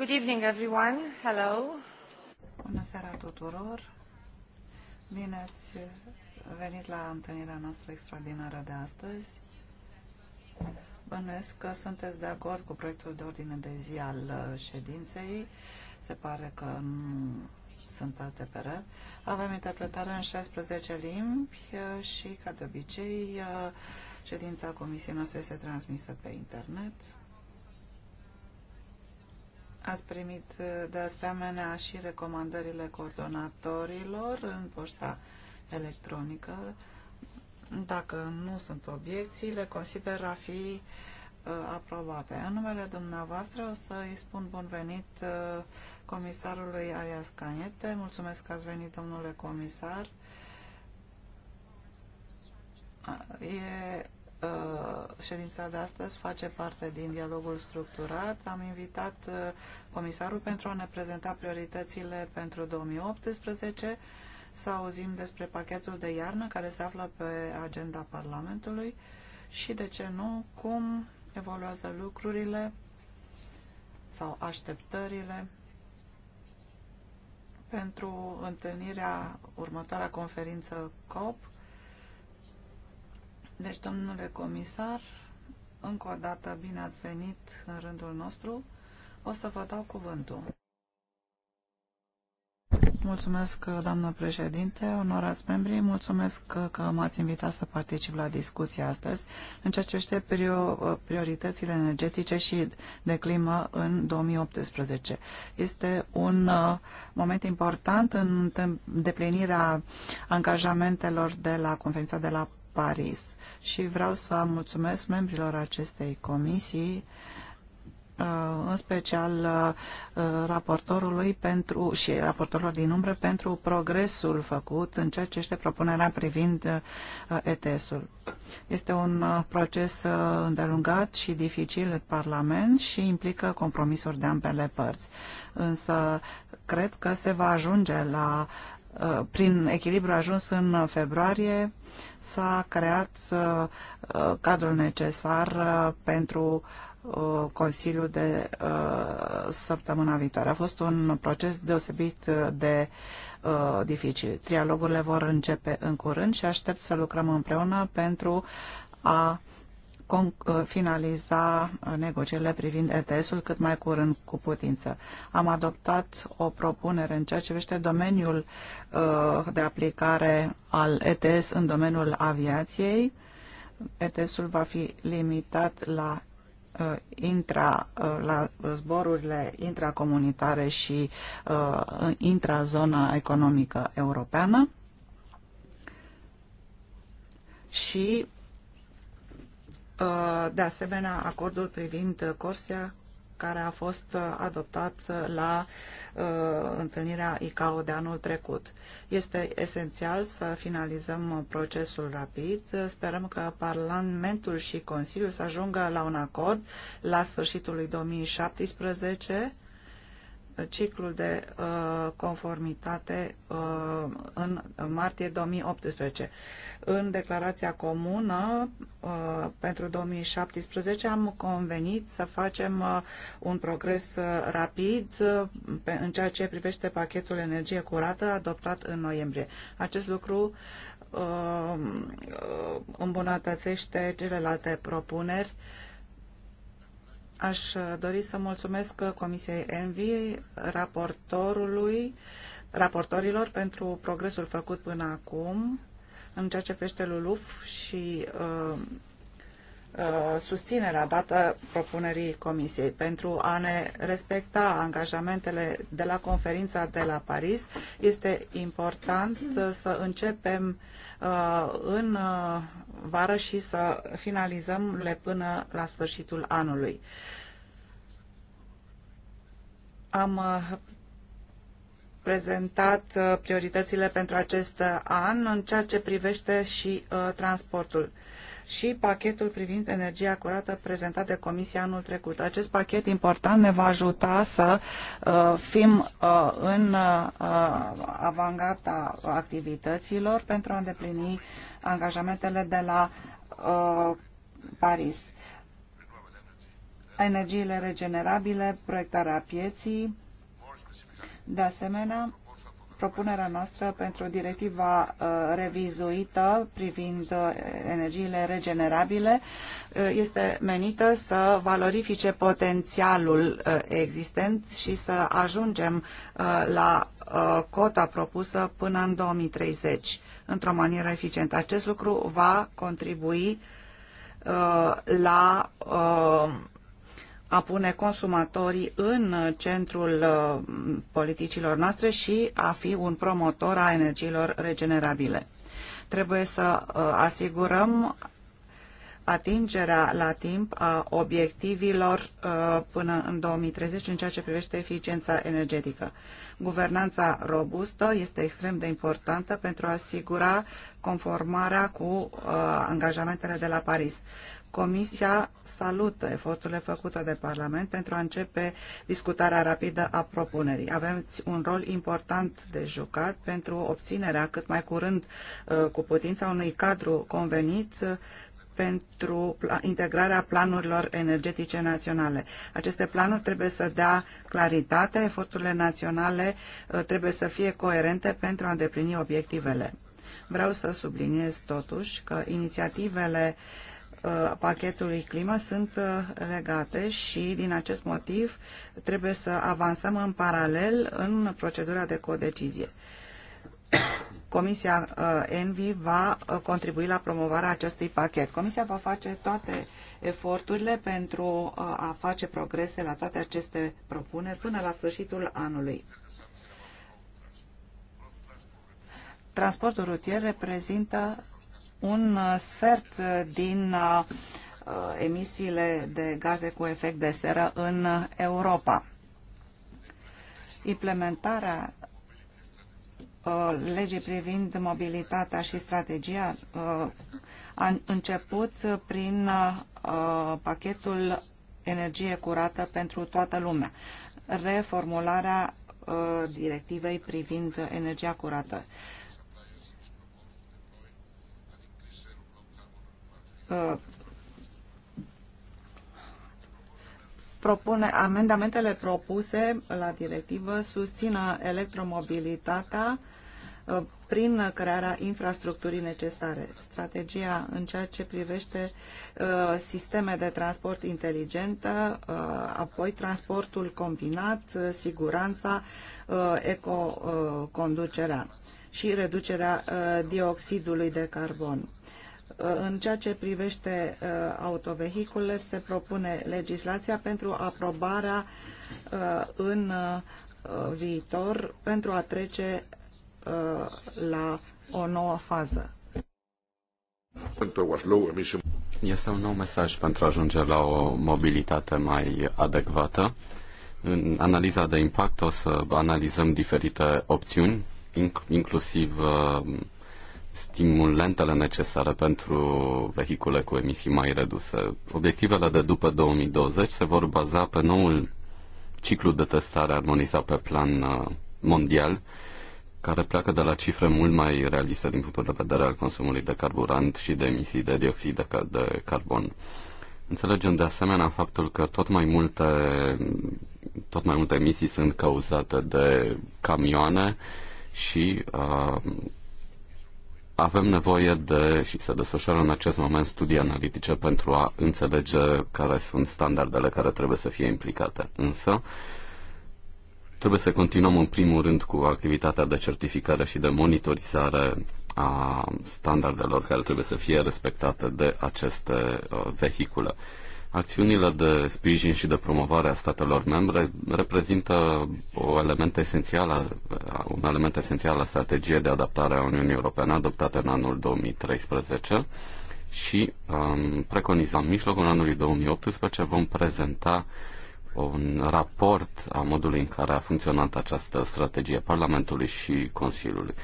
Good evening, everyone. Hello. Bună seara tuturor. Bine ați venit la întâlnirea noastră extraordinară de astăzi. Bănuiesc că sunteți de acord cu proiectul de ordine de zi al ședinței. Se pare că nu sunt alte perări. Avem interpretare în 16 limbi și, ca de obicei, ședința comisiei noastre este transmisă pe internet. Ați primit uh, de asemenea și recomandările coordonatorilor în poșta electronică. Dacă nu sunt obiecții, le consider a fi uh, aprobate. În numele dumneavoastră o să îi spun bun venit uh, comisarului Arias Caniete. Mulțumesc că ați venit, domnule comisar. E Uh, ședința de astăzi face parte din dialogul structurat. Am invitat uh, comisarul pentru a ne prezenta prioritățile pentru 2018, să auzim despre pachetul de iarnă care se află pe agenda Parlamentului și, de ce nu, cum evoluează lucrurile sau așteptările pentru întâlnirea următoarea conferință COP deci, domnule comisar, încă o dată bine ați venit în rândul nostru. O să vă dau cuvântul. Mulțumesc, doamnă președinte, onorați membrii, mulțumesc că, că m-ați invitat să particip la discuția astăzi în ceea ce este prioritățile energetice și de climă în 2018. Este un uh, moment important în deplinirea angajamentelor de la conferința de la Paris și vreau să mulțumesc membrilor acestei comisii uh, în special uh, raportorului pentru, și raportorilor din umbră pentru progresul făcut în ceea ce este propunerea privind uh, ETS-ul. Este un proces îndelungat și dificil în Parlament și implică compromisuri de ambele părți. Însă cred că se va ajunge la uh, Uh, prin echilibru ajuns în februarie, s-a creat uh, uh, cadrul necesar pentru Consiliul de săptămâna viitoare. A fost un proces deosebit de dificil. Trialogurile vor începe în curând și aștept să lucrăm împreună pentru a Uh, finaliza uh, negocierile privind ETS-ul cât mai curând cu putință. Am adoptat o propunere în ceea ce vește domeniul uh, de aplicare al ETS în domeniul aviației. ETS-ul va fi limitat la intra, la zborurile intracomunitare și uh, intrazona economică europeană și Uh, de asemenea acordul privind Corsia, care a fost uh, adoptat uh, la întâlnirea ICAO de anul trecut. Este esențial să finalizăm procesul rapid. Sperăm că Parlamentul și Consiliul să ajungă la un acord la sfârșitul lui 2017 ciclul de uh, conformitate uh, în martie 2018. În declarația comună uh, pentru 2017 am convenit să facem un progres rapid în ceea ce privește pachetul energie curată adoptat în noiembrie. Acest lucru îmbunătățește celelalte propuneri uh, Aș dori să mulțumesc Comisiei Envi, raportorului, raportorilor pentru progresul făcut până acum în ceea ce privește LULUF și uh, Uh, susținerea dată propunerii Comisiei pentru a ne respecta angajamentele de la conferința de la Paris. Este important să începem uh, în uh, vară și să finalizăm le până la sfârșitul anului. Am prezentat prioritățile pentru acest an în ceea ce privește și transportul și pachetul privind energia curată prezentat de Comisia anul trecut. Acest pachet important ne va ajuta să uh, fim uh, în uh, avangarda activităților pentru a îndeplini angajamentele de la Paris. Energiile regenerabile, proiectarea pieții, de asemenea, propunerea noastră pentru directiva uh, revizuită privind uh, energiile regenerabile uh, este menită să valorifice potențialul existent și să ajungem la cota propusă până în 2030 într-o manieră eficientă. Acest lucru va contribui la a pune consumatorii în centrul uh, politicilor noastre și a fi un promotor a energiilor regenerabile. Trebuie să uh, asigurăm atingerea la timp a obiectivilor uh, până în 2030 în ceea ce privește eficiența energetică. Guvernanța robustă este extrem de importantă pentru a asigura conformarea cu angajamentele de la Paris. Comisia salută eforturile făcute de Parlament pentru a începe discutarea rapidă a propunerii. Aveți un rol important de jucat pentru obținerea cât mai curând uh, cu putința unui cadru convenit uh, pentru integrarea planurilor energetice naționale. Aceste planuri trebuie să dea claritate, eforturile naționale uh, trebuie să fie coerente pentru a îndeplini obiectivele. Vreau să subliniez totuși că inițiativele uh, Uh, pachetului climă sunt uh, legate și din acest motiv trebuie să avansăm în paralel în procedura de codecizie. Comisia uh, ENVI va contribui la promovarea acestui pachet. Comisia va face toate eforturile pentru a face progrese la toate aceste propuneri până la sfârșitul anului. Transportul rutier reprezintă un uh, sfert uh, din uh, emisiile de gaze cu efect de seră în Europa. Implementarea legii privind mobilitatea și strategia a început prin pachetul energie curată pentru toată lumea, reformularea directivei privind energia curată. Uh, propune, amendamentele propuse la directivă susțină electromobilitatea uh, prin crearea infrastructurii necesare. Strategia în ceea ce privește uh, sisteme de transport inteligentă, apoi transportul combinat, siguranța, ecoconducerea și reducerea dioxidului de carbon. În ceea ce privește uh, autovehiculele, se propune legislația pentru aprobarea uh, în uh, viitor pentru a trece la o nouă fază. Este un nou mesaj pentru a ajunge la o mobilitate mai adecvată. În analiza de impact o să analizăm diferite opțiuni, inclusiv stimulentele necesare pentru vehicule cu emisii mai reduse. Obiectivele de după 2020 se vor baza pe noul ciclu de testare armonizat pe plan uh, mondial, care pleacă de la cifre mult mai realiste din punctul de vedere al consumului de carburant și de emisii de dioxid de, de carbon. Înțelegem de asemenea faptul că tot mai multe, tot mai multe emisii sunt cauzate de camioane și uh, avem nevoie de și se desfășoară în acest moment studii analitice pentru a înțelege care sunt standardele care trebuie să fie implicate. Însă, trebuie să continuăm în primul rând cu activitatea de certificare și de monitorizare a standardelor care trebuie să fie respectate de aceste uh, vehicule. Acțiunile de sprijin și de promovare a statelor membre reprezintă o element esențial, un element esențial a strategiei de adaptare a Uniunii Europene adoptată în anul 2013 și um, preconizăm în mijlocul anului 2018 vom prezenta un raport a modului în care a funcționat această strategie Parlamentului și Consiliului.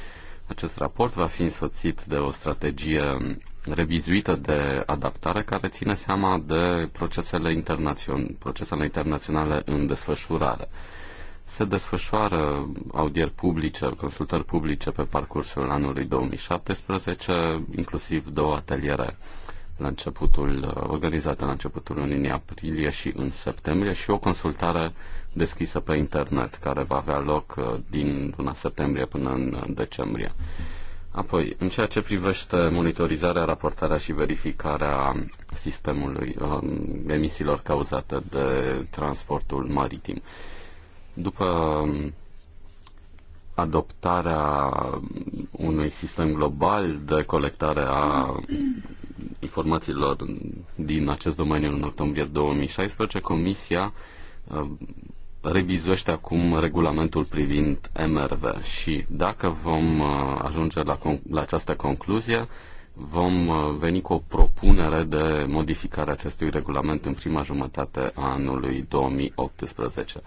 Acest raport va fi însoțit de o strategie revizuită de adaptare care ține seama de procesele, internațion- procesele internaționale în desfășurare. Se desfășoară audieri publice, consultări publice pe parcursul anului 2017, inclusiv două ateliere la începutul, organizate la începutul lunii aprilie și în septembrie și o consultare deschisă pe internet care va avea loc uh, din luna septembrie până în uh, decembrie. Apoi, în ceea ce privește monitorizarea, raportarea și verificarea sistemului um, emisiilor cauzate de transportul maritim. După um, adoptarea unui sistem global de colectare a informațiilor din acest domeniu în octombrie 2016, Comisia um, revizuiește acum regulamentul privind MRV și dacă vom uh, ajunge la, con- la această concluzie, vom uh, veni cu o propunere de modificare a acestui regulament în prima jumătate a anului 2018.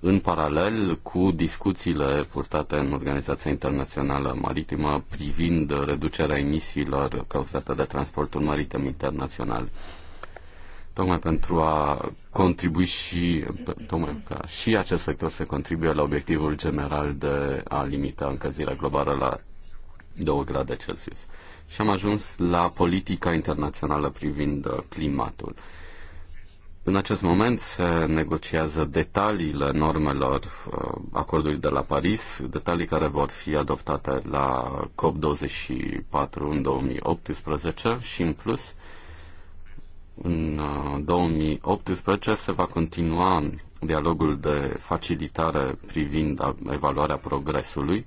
În paralel cu discuțiile purtate în Organizația Internațională Maritimă privind reducerea emisiilor cauzate de transportul maritim internațional tocmai pentru a contribui și, tocmai ca și acest sector să contribuie la obiectivul general de a limita încălzirea globală la 2 grade Celsius. Și am ajuns la politica internațională privind uh, climatul. În acest moment se negociază detaliile normelor uh, acordului de la Paris, detalii care vor fi adoptate la COP24 în 2018 și în plus în 2018 uh, se va continua dialogul de facilitare privind evaluarea progresului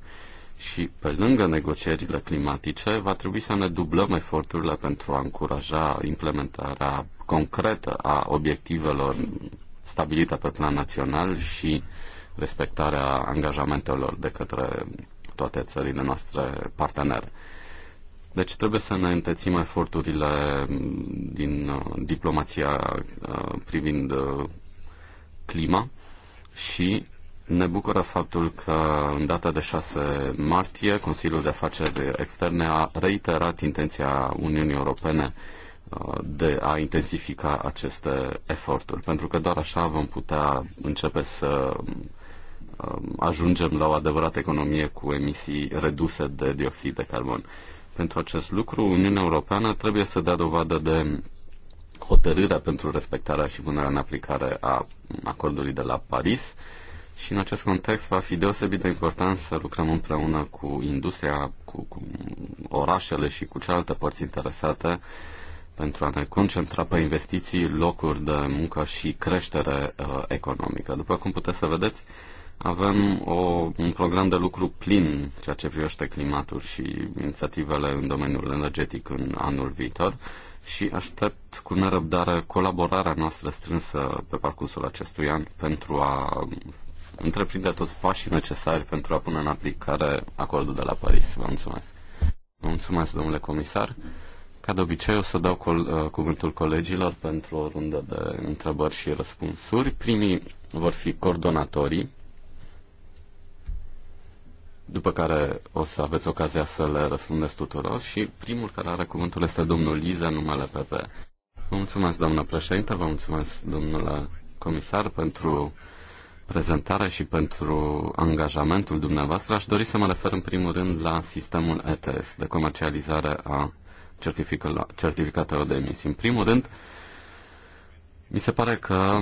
și pe lângă negocierile climatice va trebui să ne dublăm eforturile pentru a încuraja implementarea concretă a obiectivelor stabilite pe plan național și respectarea angajamentelor de către toate țările noastre partenere. Deci trebuie să ne întățim eforturile din uh, diplomația uh, privind uh, clima și ne bucură faptul că în data de 6 martie Consiliul de Afaceri Externe a reiterat intenția Uniunii Europene de a intensifica aceste eforturi, pentru că doar așa vom putea începe să um, ajungem la o adevărată economie cu emisii reduse de dioxid de carbon. Pentru acest lucru, Uniunea Europeană trebuie să dea dovadă de hotărârea pentru respectarea și punerea în aplicare a acordului de la Paris și în acest context va fi deosebit de important să lucrăm împreună cu industria, cu, cu orașele și cu celelalte părți interesate pentru a ne concentra pe investiții, locuri de muncă și creștere uh, economică. După cum puteți să vedeți, uh, avem o, un program de lucru plin ceea ce privește climatul și inițiativele în domeniul energetic în anul viitor și aștept cu nerăbdare colaborarea noastră strânsă pe parcursul acestui an pentru a întreprinde toți pașii necesari pentru a pune în aplicare acordul de la Paris. Vă mulțumesc. Vă mulțumesc, domnule comisar. Ca de obicei, o să dau col- uh, cuvântul colegilor pentru o rundă de întrebări și răspunsuri. Primii vor fi coordonatorii după care o să aveți ocazia să le răspundeți tuturor și primul care are cuvântul este domnul Liza, numele PP. Vă mulțumesc, doamnă președinte, vă mulțumesc, domnule comisar, pentru prezentare și pentru angajamentul dumneavoastră. Aș dori să mă refer în primul rând la sistemul ETS de comercializare a certificatelor de emisii. În primul rând, mi se pare că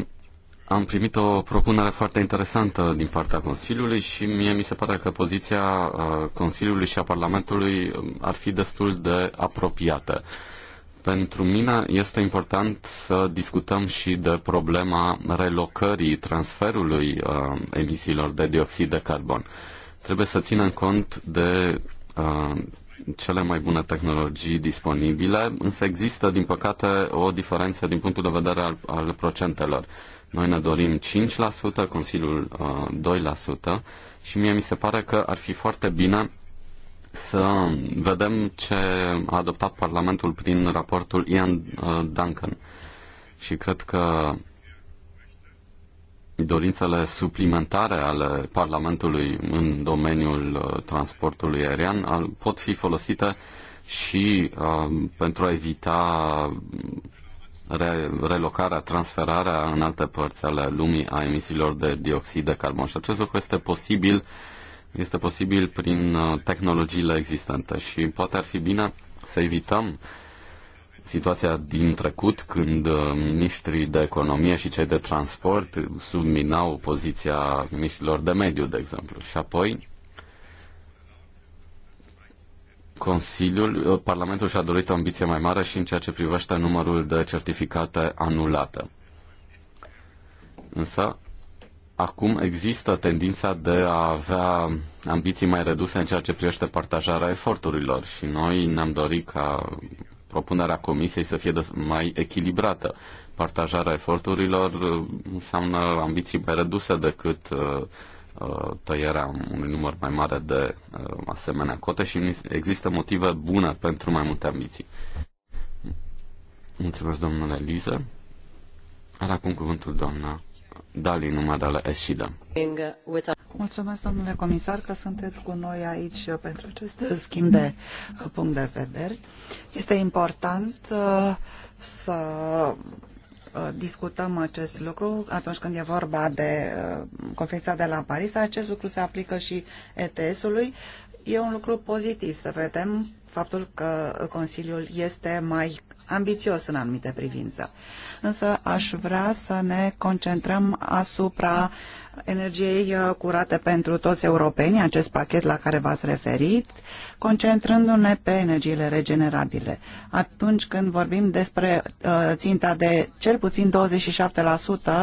am primit o propunere foarte interesantă din partea Consiliului și mie mi se pare că poziția uh, Consiliului și a Parlamentului um, ar fi destul de apropiată. Pentru mine este important să discutăm și de problema relocării, transferului uh, emisiilor de dioxid de carbon. Trebuie să ținem cont de uh, cele mai bune tehnologii disponibile, însă există, din păcate, o diferență din punctul de vedere al, al procentelor. Uh, noi ne dorim 5%, Consiliul uh, 2% și mie mi se pare că ar fi foarte bine să vedem ce a adoptat Parlamentul prin raportul Ian uh, Duncan. Și cred că dorințele suplimentare ale Parlamentului în domeniul uh, transportului aerian pot fi folosite și uh, pentru a evita re- relocarea, transferarea în alte părți ale lumii a emisiilor de dioxid de carbon. Și acest lucru este posibil, este posibil prin uh, tehnologiile existente și poate ar fi bine să evităm situația din trecut când uh, ministrii de economie și cei de transport subminau poziția ministrilor de mediu, de exemplu. Și apoi Consiliul, uh, Parlamentul și-a dorit o ambiție mai mare și în ceea ce privește numărul de certificate anulate. Însă, acum există tendința de a avea ambiții mai reduse în ceea ce privește partajarea eforturilor și noi ne-am dorit ca propunerea comisiei să fie mai echilibrată. Partajarea eforturilor uh, înseamnă ambiții mai reduse decât uh, Uh, tăierea unui număr mai mare de uh, asemenea cote și există motive bune pentru mai multe ambiții. Mulțumesc, domnule Liză. Are acum cuvântul doamna Dali, numarele Eșida. Mulțumesc, domnule comisar, că sunteți cu noi aici pentru acest schimb de punct de vedere. Este important uh, să Uh, discutăm acest lucru atunci când e vorba de uh, conferința de la Paris. Acest lucru se aplică și ETS-ului. E un lucru pozitiv să vedem faptul că Consiliul este mai ambițios în anumite privințe. Însă aș vrea să ne concentrăm asupra uh, energiei uh, curate pentru toți europenii, acest pachet la care v-ați referit, concentrându-ne pe energiile regenerabile. Atunci când vorbim despre uh, ținta de cel puțin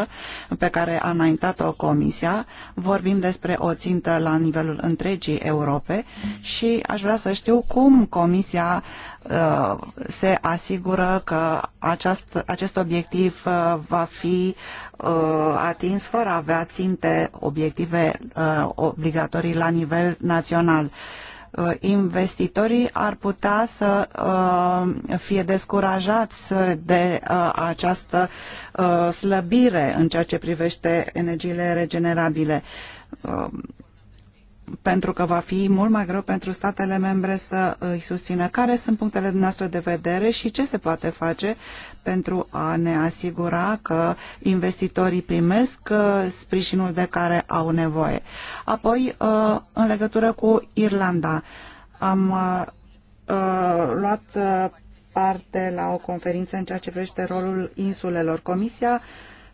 27% pe care a înaintat-o Comisia, vorbim despre o țintă la nivelul întregii Europe și aș vrea să știu cum Comisia uh, se asigură că acest acest obiectiv va fi Uh, atins fără a avea ținte obiective uh, obligatorii la nivel național uh, investitorii ar putea să fie descurajați de această slăbire în ceea ce privește energiile regenerabile pentru că va fi mult mai greu pentru statele membre să îi susțină. Care sunt punctele noastre de vedere și ce se poate face pentru a ne asigura că investitorii primesc uh, sprijinul de care au nevoie? Apoi, uh, în legătură cu Irlanda, am uh, luat parte la o conferință în ceea ce privește rolul insulelor. Comisia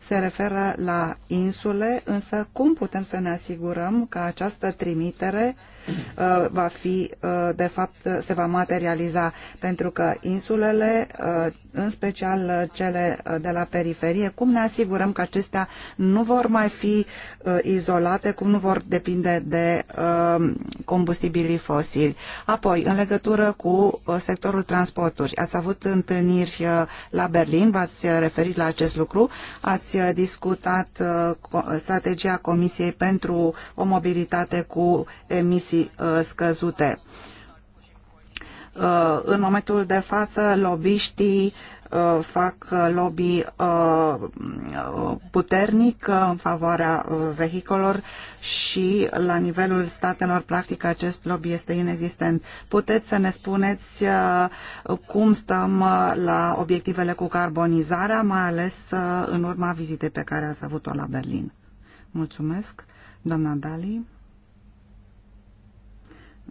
se referă la insule, însă cum putem să ne asigurăm că această trimitere uh, Uh, va fi, uh, de fapt, uh, se va materializa, pentru că insulele, în special cele de la periferie, cum ne asigurăm că acestea nu vor mai fi izolate, cum nu vor depinde de combustibilii fosili. Apoi, în legătură cu sectorul transporturi, ați avut întâlniri la Berlin, v-ați referit la acest lucru, ați discutat strategia Comisiei pentru o mobilitate cu emisii condiții uh, scăzute. Uh, în momentul de față, lobiștii uh, fac lobby puternic în favoarea vehicolor și la nivelul statelor practic acest lobby este inexistent. Puteți să ne spuneți cum stăm la obiectivele cu carbonizarea, mai ales în urma vizitei pe care ați avut-o la Berlin. Mulțumesc, doamna Dali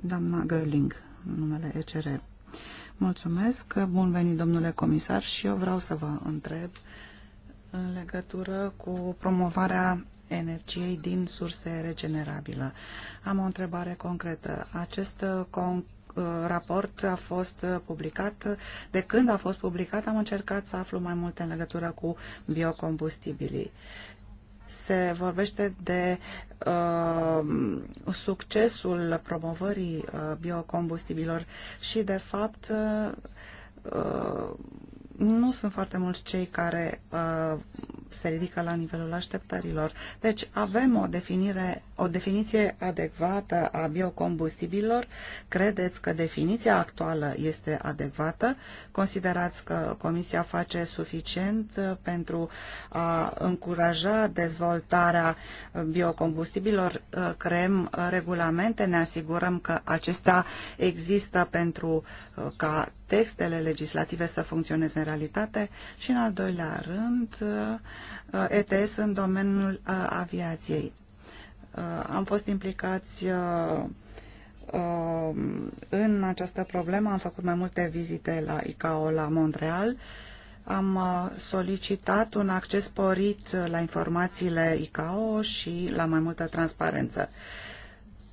doamna Gerling, numele ECR. Mulțumesc, bun venit domnule comisar și eu vreau să vă întreb în legătură cu promovarea energiei din surse regenerabile. Am o întrebare concretă. Acest con raport a fost publicat. De când a fost publicat, am încercat să aflu mai multe în legătură cu biocombustibilii se vorbește de uh, succesul promovării uh, biocombustibilor și, de fapt, uh, uh nu sunt foarte mulți cei care uh, se ridică la nivelul așteptărilor. Deci avem o, definire, o definiție adecvată a biocombustibilor. Credeți că definiția actuală este adecvată? Considerați că Comisia face suficient uh, pentru a încuraja dezvoltarea biocombustibilor? Uh, creăm uh, regulamente, ne asigurăm că acestea există pentru ca textele legislative să funcționeze în realitate și, în al doilea rând, uh, ETS în domeniul uh, aviației. Uh, am fost implicați în această problemă, am făcut mai multe vizite la ICAO la Montreal, am solicitat un acces sporit la informațiile ICAO și la mai multă transparență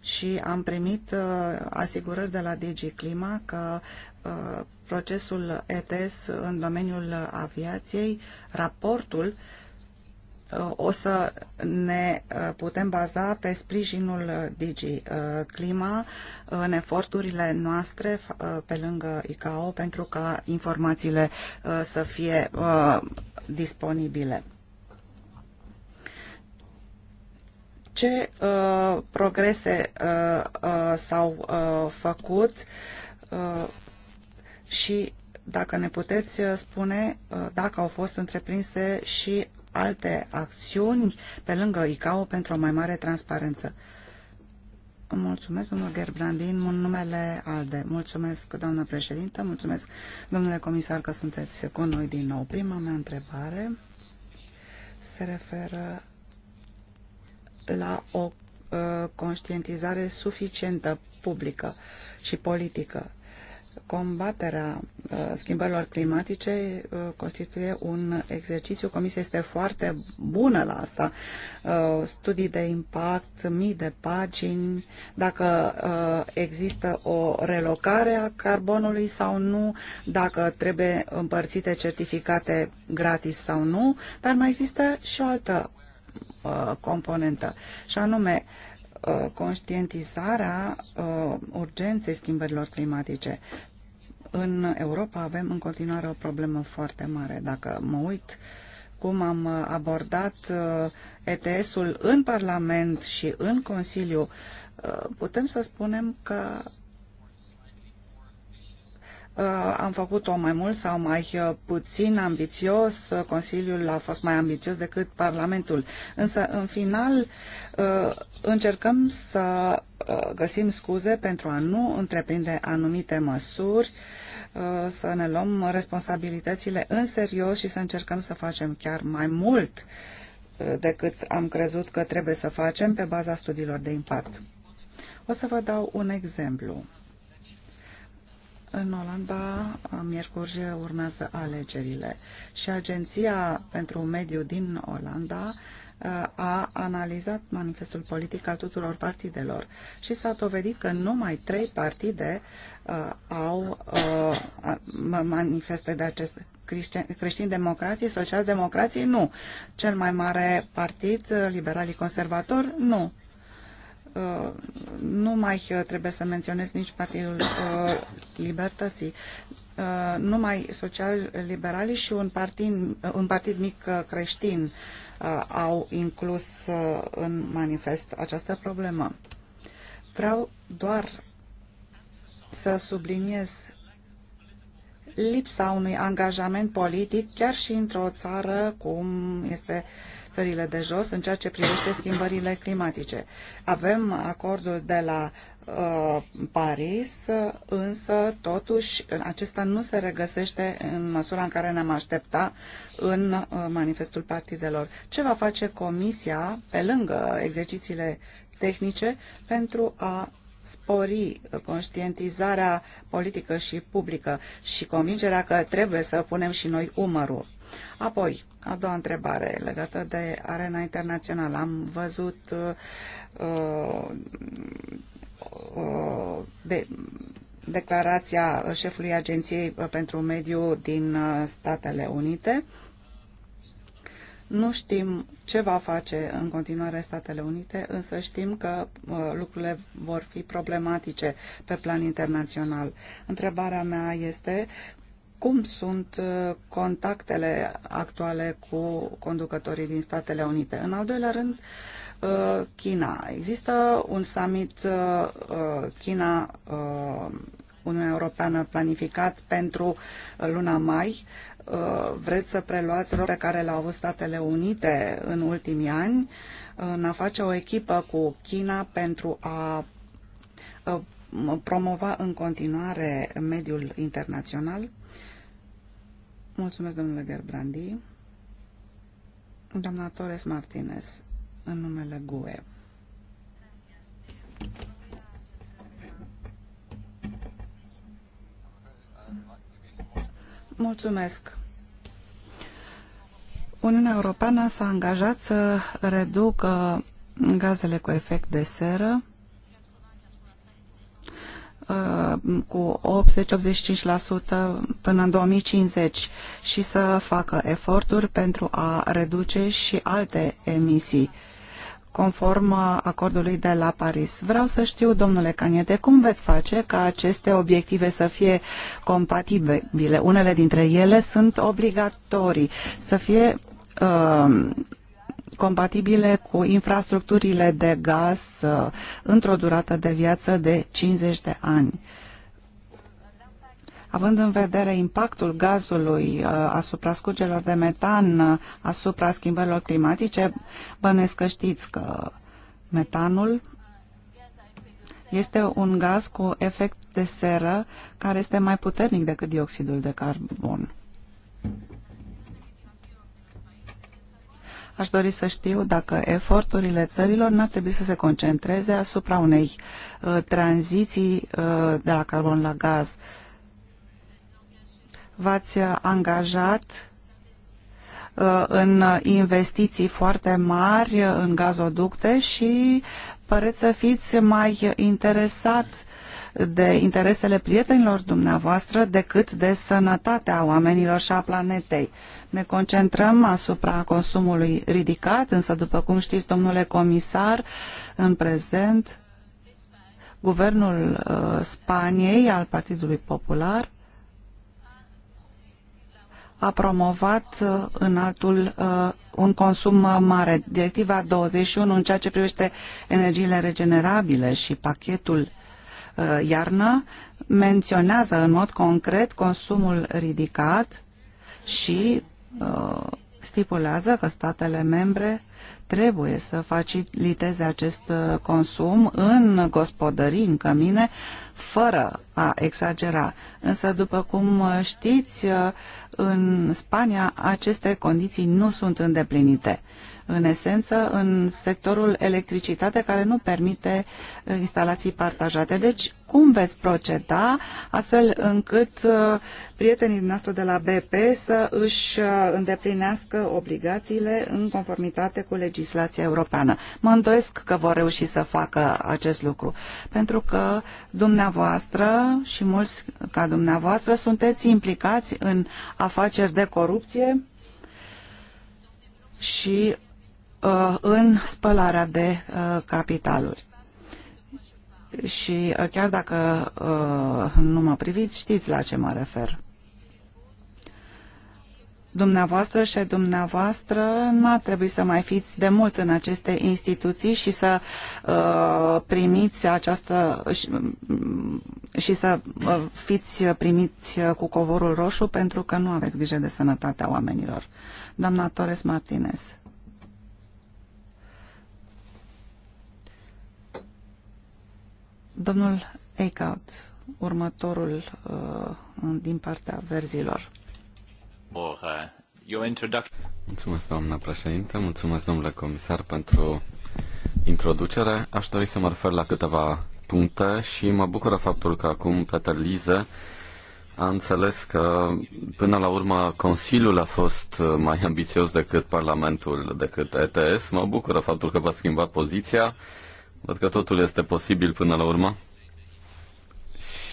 și am primit uh, asigurări de la DG Clima că Uh, procesul ETS în domeniul aviației, raportul uh, o să ne uh, putem baza pe sprijinul Digi Clima în eforturile noastre pe lângă ICAO pentru ca informațiile să fie disponibile. Ce progrese s-au făcut? și dacă ne puteți uh, spune uh, dacă au fost întreprinse și alte acțiuni pe lângă ICAO pentru o mai mare transparență. Mulțumesc, domnul Gerbrandin, în numele ALDE. Mulțumesc, doamnă președintă, mulțumesc, domnule comisar, că sunteți cu noi din nou. Prima mea întrebare se referă la o uh, conștientizare suficientă publică și politică combaterea uh, schimbărilor climatice uh, constituie un exercițiu. Comisia este foarte bună la asta. Uh, studii de impact, mii de pagini, dacă există o relocare a carbonului sau nu, dacă trebuie împărțite certificate gratis sau nu, dar mai există și o altă componentă, și anume Uh, conștientizarea uh, urgenței schimbărilor climatice. În Europa avem în continuare o problemă foarte mare. Dacă mă uit cum am abordat uh, ETS-ul în Parlament și în Consiliu, putem să spunem că Uh, am făcut-o mai mult sau mai uh, puțin ambițios, uh, Consiliul a fost mai ambițios decât Parlamentul. Însă, în final, încercăm să găsim scuze pentru a nu întreprinde anumite măsuri, să ne luăm responsabilitățile în serios și să încercăm să facem chiar mai mult decât am crezut că trebuie să facem pe baza studiilor de impact. O să vă dau un exemplu. În Olanda, miercuri urmează alegerile și Agenția pentru Mediu din Olanda uh, a analizat manifestul politic al tuturor partidelor și s-a dovedit că numai trei partide uh, au uh, manifeste de acest creștini democrații social-democrații nu. Cel mai mare partid, uh, liberalii conservatori, nu nu mai uh, trebuie să menționez nici Partidul uh, Libertății uh, numai social-liberalii și un partid, un partid mic creștin au inclus în manifest această problemă. Vreau doar să subliniez lipsa unui angajament politic chiar și într-o țară cum este uh, țările de jos în ceea ce privește schimbările climatice. Avem acordul de la uh, Paris, însă totuși acesta nu se regăsește în măsura în care ne-am aștepta în uh, manifestul partidelor. Ce va face Comisia pe lângă exercițiile tehnice pentru a spori conștientizarea politică și publică și convingerea că trebuie să punem și noi umărul. Apoi, a doua întrebare legată de arena internațională. Am văzut uh, uh, de declarația șefului Agenției uh, pentru Mediu din uh, Statele Unite. Nu știm ce va face în continuare Statele Unite, însă știm că uh, lucrurile vor fi problematice pe plan internațional. Întrebarea mea este cum sunt uh, contactele actuale cu conducătorii din Statele Unite. În al doilea rând, uh, China. Există un summit uh, China Uniunea Europeană planificat pentru luna mai. Vreți să preluați rolul pe care l-au avut Statele Unite în ultimii ani în a face o echipă cu China pentru a promova în continuare mediul internațional? Mulțumesc, domnule Gerbrandi. Doamna Torres Martinez, în numele GUE. Mulțumesc. Uniunea Europeană s-a angajat să reducă gazele cu efect de seră Uh, cu 80-85% până în 2050 și să facă eforturi pentru a reduce și alte emisii conform uh, acordului de la Paris. Vreau să știu, domnule Caniete, cum veți face ca aceste obiective să fie compatibile? Unele dintre ele sunt obligatorii, să fie uh, compatibile cu infrastructurile de gaz uh, într-o durată de viață de 50 de ani. Având în vedere impactul gazului uh, asupra scurgelor de metan, uh, asupra schimbărilor climatice, bănesc că știți că metanul este un gaz cu efect de seră care este mai puternic decât dioxidul de carbon. Aș dori să știu dacă eforturile țărilor n-ar trebui să se concentreze asupra unei uh, tranziții uh, de la carbon la gaz. V-ați uh, angajat uh, în investiții foarte mari uh, în gazoducte și păreți să fiți mai interesat de interesele prietenilor dumneavoastră decât de sănătatea oamenilor și a planetei. Ne concentrăm asupra consumului ridicat, însă, după cum știți, domnule comisar, în prezent, guvernul uh, Spaniei al Partidului Popular a promovat uh, în altul uh, un consum mare. Directiva 21 în ceea ce privește energiile regenerabile și pachetul Uh, iarna menționează în mod concret consumul ridicat și uh, stipulează că statele membre trebuie să faciliteze acest uh, consum în gospodării, în cămine, fără a exagera. Însă, după cum știți, în Spania aceste condiții nu sunt îndeplinite în esență în sectorul electricitate care nu permite uh, instalații partajate. Deci cum veți proceda astfel încât uh, prietenii noastre de la BP să își uh, îndeplinească obligațiile în conformitate cu legislația europeană? Mă îndoiesc că vor reuși să facă acest lucru, pentru că dumneavoastră și mulți ca dumneavoastră sunteți implicați în afaceri de corupție și Uh, în spălarea de uh, capitaluri. Și uh, chiar dacă nu mă priviți, știți la ce mă refer. Dumneavoastră și dumneavoastră nu ar trebui să mai fiți de mult în aceste instituții și să uh, primiți această și, mm, și să uh, fiți primiți cu covorul roșu pentru că nu aveți grijă de sănătatea oamenilor. Doamna Torres Martinez. Domnul Eichaut, următorul uh, din partea verzilor. Uh, mulțumesc, doamna președinte, mulțumesc, domnule comisar, pentru introducere. Aș dori să mă refer la câteva puncte și mă bucură faptul că acum Peter Lize a înțeles că până la urmă Consiliul a fost uh, mai ambițios decât Parlamentul, decât ETS. Mă bucură faptul că v a schimbat poziția Văd că totul este posibil până la urmă.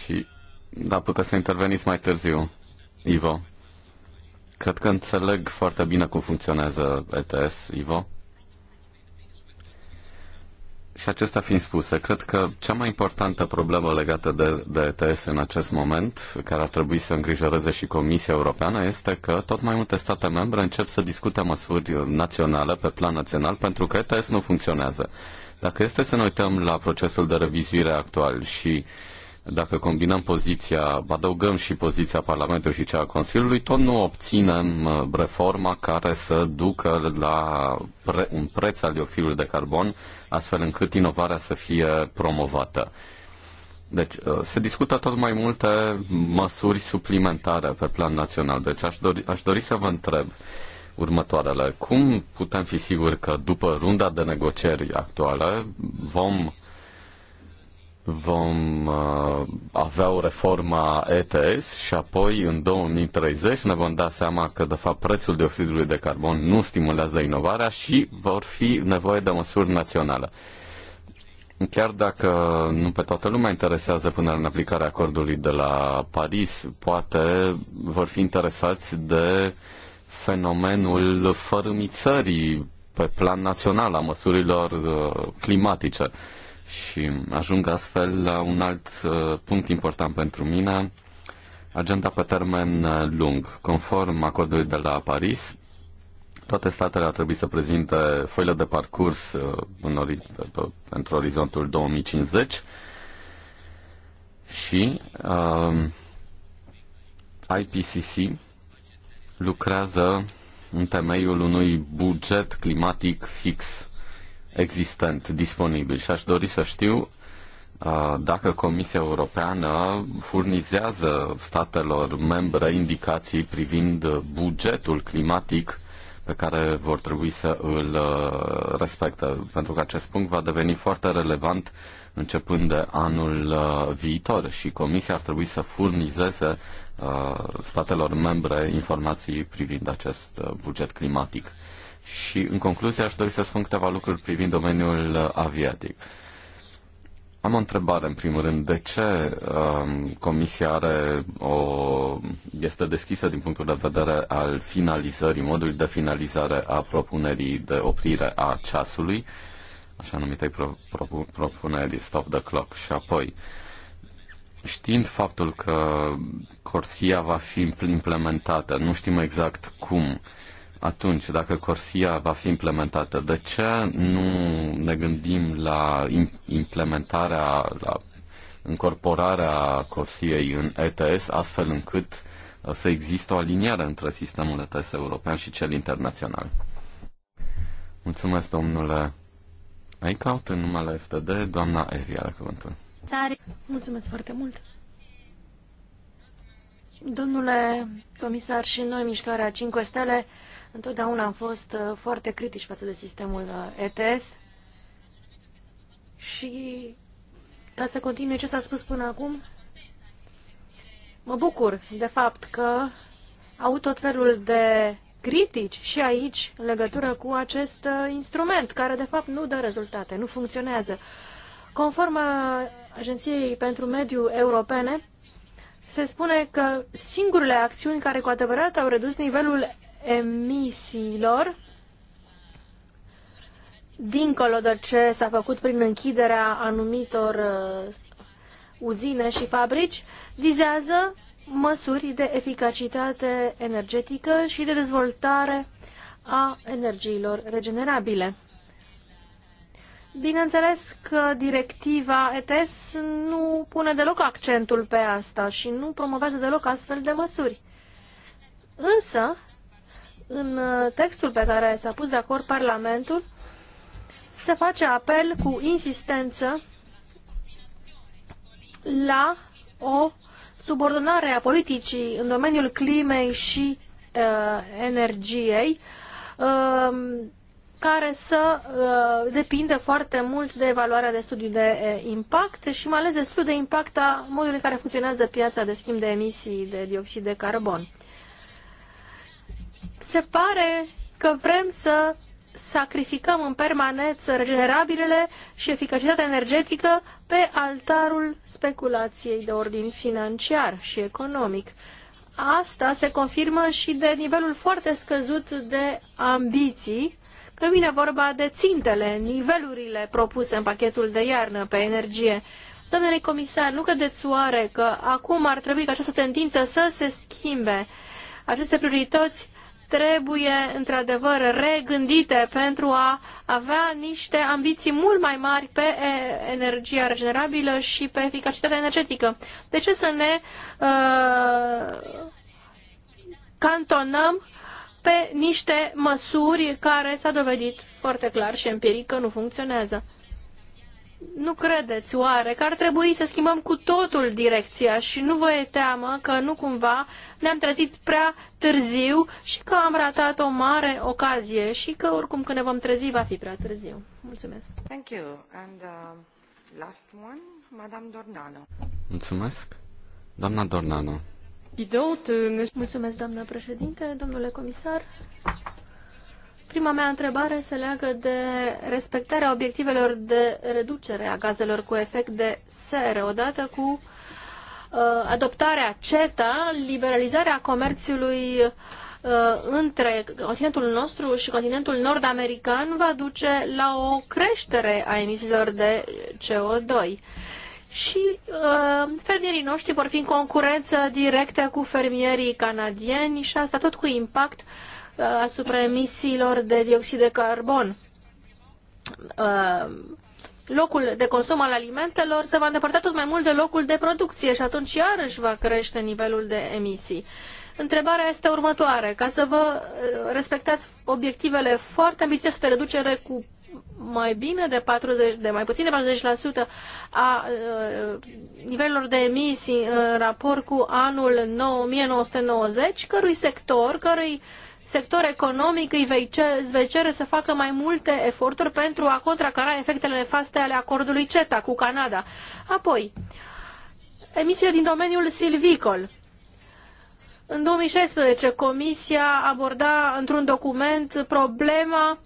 Și, da, puteți să interveniți mai târziu, Ivo. Cred că înțeleg foarte bine cum funcționează ETS, Ivo. Și acestea fiind spuse, cred că cea mai importantă problemă legată de, de ETS în acest moment, care ar trebui să îngrijoreze și Comisia Europeană, este că tot mai multe state membre încep să discute măsuri naționale, pe plan național, pentru că ETS nu funcționează. Dacă este să ne uităm la procesul de revizuire actual și dacă combinăm poziția, adăugăm și poziția Parlamentului și cea a Consiliului, tot nu obținem uh, reforma care să ducă la pre, un preț al dioxidului de carbon, astfel încât inovarea să fie promovată. Deci uh, se discută tot mai multe măsuri suplimentare pe plan național. Deci aș dori, aș dori să vă întreb următoarele. Cum putem fi siguri că după runda de negocieri actuală vom vom uh, avea o reformă ETS și apoi în 2030 ne vom da seama că de fapt prețul dioxidului de carbon nu stimulează inovarea și vor fi nevoie de măsuri naționale. Chiar dacă nu pe toată lumea interesează până în aplicarea acordului de la Paris, poate vor fi interesați de uh, fenomenul fărâmițării pe plan național a măsurilor uh, climatice și ajung astfel la un alt uh, punct important pentru mine, agenda pe termen uh, lung. Conform acordului de la Paris, toate statele ar trebui să prezinte foile de parcurs în ori- pentru orizontul 2050 și uh, IPCC lucrează în temeiul unui buget climatic fix existent, disponibil. Și aș dori să știu uh, dacă Comisia Europeană furnizează statelor membre indicații privind bugetul climatic pe care vor trebui să îl uh, respectă, pentru că acest punct va deveni foarte relevant începând de anul uh, viitor și Comisia ar trebui să furnizeze Uh, statelor membre informații privind acest uh, buget climatic. Și în concluzie aș dori să spun câteva lucruri privind domeniul uh, aviatic. Am o întrebare, în primul rând. De ce um, Comisia are o, este deschisă din punctul de vedere al finalizării, modului de finalizare a propunerii de oprire a ceasului, așa numitei pro, pro, propuneri stop the clock, și apoi uh, Știind faptul că Corsia va fi implementată, nu știm exact cum, atunci, dacă Corsia va fi implementată, de ce nu ne gândim la implementarea, la încorporarea Corsiei în ETS, astfel încât uh, să există o aliniere între sistemul ETS european și cel internațional? Mulțumesc, domnule Aicaut, în numele FTD, doamna Evi are cuvântul. Mulțumesc foarte mult! Domnule comisar, și noi, Mișcarea 5 Stele, întotdeauna am fost uh, foarte critici față de sistemul uh, ETS și ca să continui ce s-a spus până acum, mă bucur de fapt că au tot felul de critici și aici în legătură cu acest uh, instrument, care de fapt nu dă rezultate, nu funcționează. Conform Agenției pentru Mediu Europene, se spune că singurele acțiuni care cu adevărat au redus nivelul emisiilor, dincolo de ce s-a făcut prin închiderea anumitor uh, uzine și fabrici, vizează măsuri de eficacitate energetică și de dezvoltare a energiilor regenerabile. Bineînțeles că directiva ETS nu pune deloc accentul pe asta și nu promovează deloc astfel de măsuri. Însă, în textul pe care s-a pus de acord Parlamentul, se face apel cu insistență la o subordonare a politicii în domeniul climei și uh, energiei uh, care să uh, depindă foarte mult de evaluarea de studiu de uh, impact și mai ales de studiu de impact a modului în care funcționează piața de schimb de emisii de dioxid de carbon. Se pare că vrem să sacrificăm în permanență regenerabilele și eficacitatea energetică pe altarul speculației de ordin financiar și economic. Asta se confirmă și de nivelul foarte scăzut de ambiții când vine vorba de țintele, nivelurile propuse în pachetul de iarnă pe energie, domnule comisar, nu credeți oare că acum ar trebui ca această tendință să se schimbe? Aceste priorități trebuie într-adevăr regândite pentru a avea niște ambiții mult mai mari pe energia regenerabilă și pe eficacitatea energetică. De ce să ne uh, cantonăm pe niște măsuri care s-a dovedit foarte clar și empiric că nu funcționează. Nu credeți oare că ar trebui să schimbăm cu totul direcția și nu vă e teamă că nu cumva ne-am trezit prea târziu și că am ratat o mare ocazie și că oricum când ne vom trezi va fi prea târziu. Mulțumesc. Thank you. And uh, last one, Madame Dornano. Mulțumesc. Doamna Dornano. Mulțumesc, președinte, domnule comisar. Prima mea întrebare se leagă de respectarea obiectivelor de reducere a gazelor cu efect de seră, odată cu uh, adoptarea CETA, liberalizarea comerțului uh, între continentul nostru și continentul nord-american va duce la o creștere a emisiilor de CO2 și uh, fermierii noștri vor fi în concurență directă cu fermierii canadieni și asta tot cu impact uh, asupra emisiilor de dioxid de carbon. Uh, locul de consum al alimentelor se va îndepărta tot mai mult de locul de producție și atunci iarăși va crește nivelul de emisii. Uh, Întrebarea este următoare. Ca să vă uh, respectați obiectivele foarte ambițioase de reducere cu mai bine de 40, de mai puțin de 40% a uh, nivelurilor de emisii în uh, raport cu anul 1990, cărui sector, cărui sector economic îi vei, cere să facă mai multe eforturi pentru a contracara efectele nefaste ale acordului CETA cu Canada. Apoi, emisiile din domeniul silvicol în 2016, Comisia aborda într-un document problema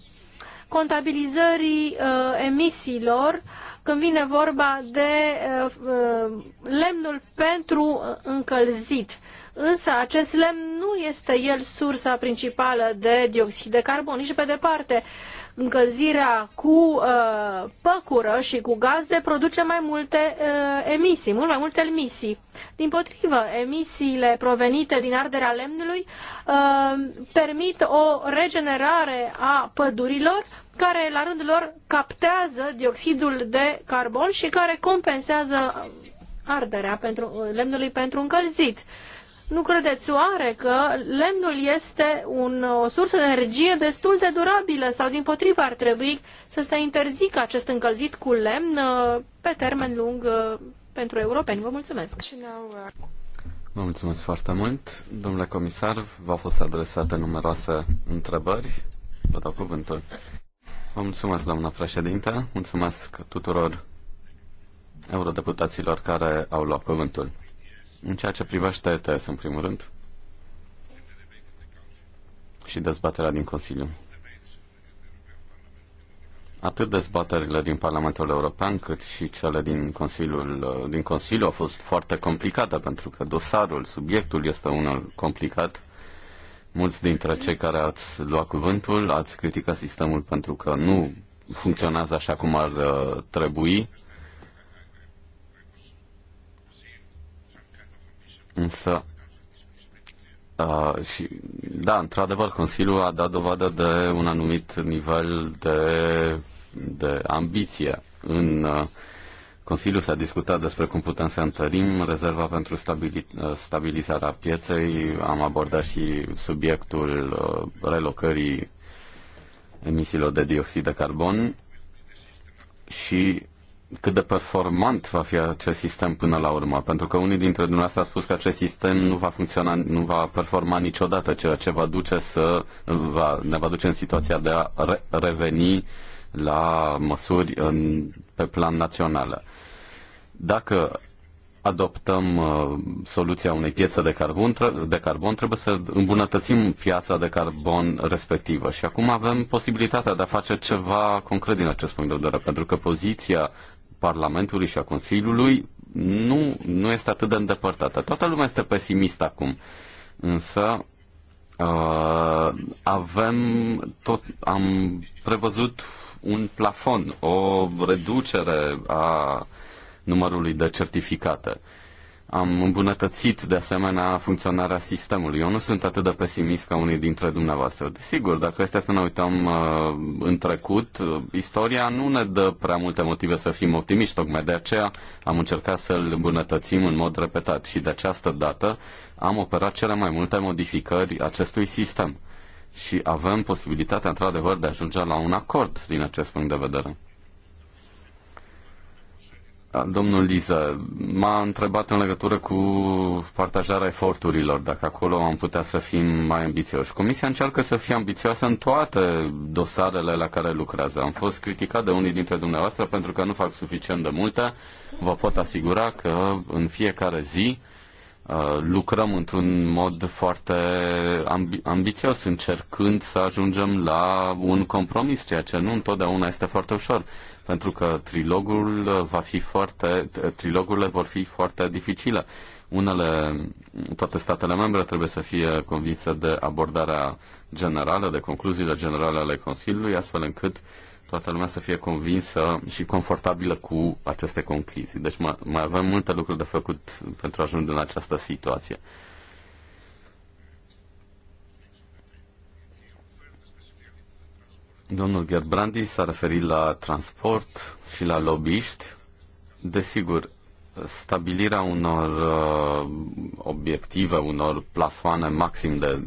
contabilizării uh, emisiilor când vine vorba de uh, uh, lemnul pentru încălzit. Însă acest lemn nu este el sursa principală de dioxid de carbon, nici pe departe. Uh, încălzirea cu uh, păcură și cu gaze produce mai multe uh, emisii, mult mai multe emisii. Din potrivă, emisiile provenite din arderea lemnului uh, permit o regenerare a pădurilor care la rândul lor captează dioxidul de carbon și care compensează arderea pentru, uh, lemnului pentru încălzit. Uh, nu credeți oare că lemnul este un, o sursă de energie destul de durabilă sau din potrivă ar trebui să se interzică acest încălzit cu lemn uh, pe termen lung uh, pentru europeni? Vă mulțumesc! Vă mulțumesc foarte mult. Domnule comisar, v-au fost adresate numeroase întrebări. Vă dau cuvântul. Vă mulțumesc, doamna președinte. Mulțumesc tuturor eurodeputaților care au luat cuvântul. În ceea ce privește ETS, în primul rând, și dezbaterea din Consiliu. Atât dezbaterile din Parlamentul European, cât și cele din Consiliul, din Consiliu au fost foarte complicate, pentru că dosarul, subiectul este unul complicat. Mulți dintre cei care ați luat cuvântul ați criticat sistemul pentru că nu funcționează așa cum ar uh, trebui. Însă, uh, și, da, într-adevăr, Consiliul a dat dovadă de un anumit nivel de, de ambiție. În uh, Consiliul s-a discutat despre cum putem să întărim rezerva pentru stabili- stabilizarea pieței. Am abordat și subiectul uh, relocării emisiilor de dioxid de carbon și cât de performant va fi acest sistem până la urmă, pentru că unii dintre dumneavoastră a spus că acest sistem nu va funcționa, nu va performa niciodată, ceea ce va duce să, va, ne va duce în situația de a re- reveni la măsuri în, pe plan național. Dacă adoptăm uh, soluția unei piețe de carbon, de carbon, trebuie să îmbunătățim piața de carbon respectivă. Și acum avem posibilitatea de a face ceva concret din acest punct de vedere, pentru că poziția Parlamentului și a Consiliului nu, nu este atât de îndepărtată. Toată lumea este pesimistă acum, însă uh, avem tot, am prevăzut un plafon, o reducere a numărului de certificate. Uh, am îmbunătățit, de asemenea, funcționarea sistemului. Eu nu sunt atât de pesimist ca unii dintre dumneavoastră. Desigur, dacă este să ne uităm uh, în trecut, uh, istoria nu ne dă prea multe motive să fim optimiști. Tocmai de aceea am încercat să-l îmbunătățim în mod repetat și de această dată am operat cele mai multe modificări acestui sistem. Și avem posibilitatea, într-adevăr, de a ajunge la un acord din acest punct de vedere. Domnul Liza, m-a întrebat în legătură cu partajarea eforturilor, dacă acolo am putea să fim mai ambițioși. Comisia încearcă să fie ambițioasă în toate dosarele la care lucrează. Am fost criticat de unii dintre dumneavoastră pentru că nu fac suficient de multe. Vă pot asigura că în fiecare zi uh, Uh, lucrăm într-un mod foarte ambi- ambițios, încercând să ajungem la un compromis, ceea ce nu întotdeauna este foarte ușor, pentru că trilogul uh, va fi foarte, uh, trilogurile vor fi foarte dificile. Unele, toate statele membre trebuie să fie convinse de abordarea generală, de concluziile generale ale Consiliului, astfel încât uh, toată lumea să fie convinsă și confortabilă cu aceste concluzii. Deci mai, mai avem multe lucruri de făcut pentru a ajunge în această situație. Domnul Gerbrandi s-a referit la transport și la lobbyști. Desigur, stabilirea unor uh, obiective, unor plafoane maxim de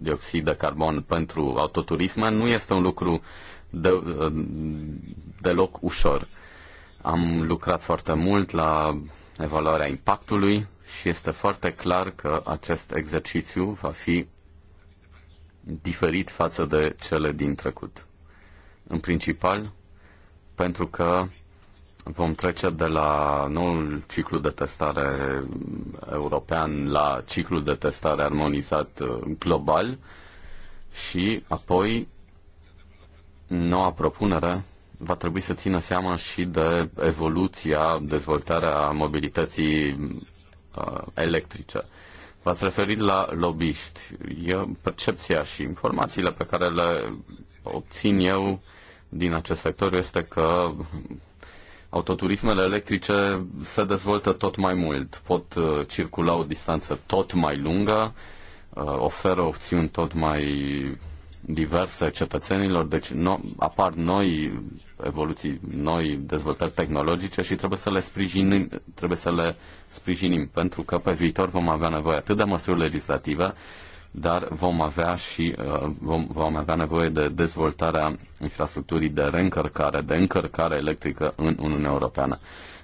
dioxid de carbon pentru autoturisme nu este un lucru uh, de, deloc ușor. Am lucrat foarte mult la evaluarea impactului și este foarte clar că acest exercițiu va fi diferit față de cele din trecut. În principal, pentru că vom trece de la noul ciclu de testare european la ciclu de testare armonizat uh, global și apoi noua propunere va trebui să țină seama și de evoluția, dezvoltarea mobilității uh, electrice. V-ați referit la lobbyști. Eu, percepția și informațiile pe care le obțin eu din acest sector este că autoturismele electrice se dezvoltă tot mai mult, pot uh, circula o distanță tot mai lungă, uh, oferă opțiuni tot mai diverse cetățenilor, deci no, apar noi evoluții, noi dezvoltări tehnologice și trebuie să le sprijinim, trebuie să le sprijinim pentru că pe viitor vom avea nevoie atât de măsuri legislative, dar vom avea și uh, vom, vom avea nevoie de dezvoltarea infrastructurii de reîncărcare, de încărcare electrică în Uniunea Europeană.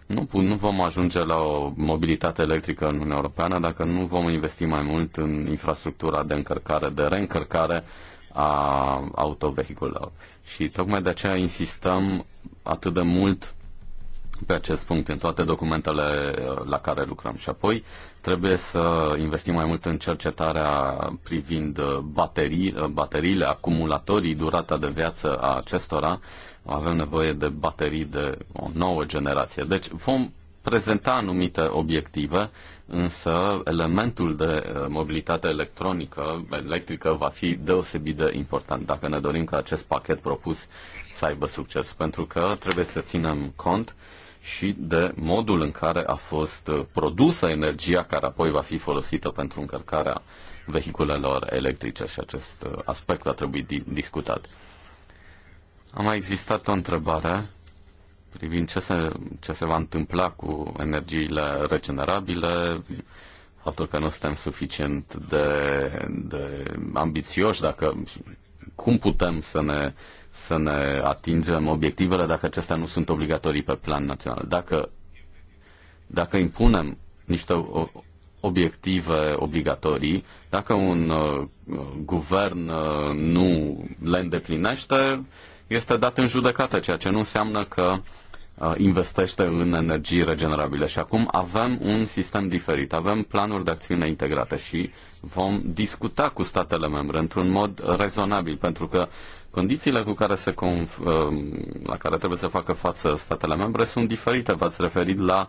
Nu, nu vom ajunge la o mobilitate electrică în Uniunea Europeană dacă nu vom investi mai mult în infrastructura de încărcare, de reîncărcare a autovehiculelor. Și tocmai de aceea insistăm atât de mult pe acest punct în toate documentele uh, la care lucrăm. Și apoi trebuie să investim mai mult în cercetarea privind uh, baterii, uh, bateriile, acumulatorii, durata de viață a acestora. Avem nevoie de baterii de o nouă generație. Deci vom prezenta anumite obiective, însă elementul de eh, mobilitate electronică, electrică, va fi deosebit de important dacă ne dorim ca acest pachet propus să aibă succes, pentru că trebuie să ținem cont și de modul în care a fost eh, produsă energia care apoi va fi folosită pentru încărcarea vehiculelor electrice și acest eh, aspect va trebui discutat. A mai existat o întrebare privind ce se, ce se va întâmpla cu energiile regenerabile, faptul că nu suntem suficient de, de ambițioși, dacă cum putem să ne, să ne atingem obiectivele dacă acestea nu sunt obligatorii pe plan național. Dacă, dacă impunem niște obiective obligatorii, dacă un uh, guvern uh, nu le îndeplinește, este dat în judecată, ceea ce nu înseamnă că uh, investește în energii regenerabile. Și acum avem un sistem diferit, avem planuri de acțiune integrate și vom discuta cu statele membre într-un mod rezonabil, pentru că condițiile cu care se conf- uh, la care trebuie să facă față statele membre sunt diferite. V-ați referit la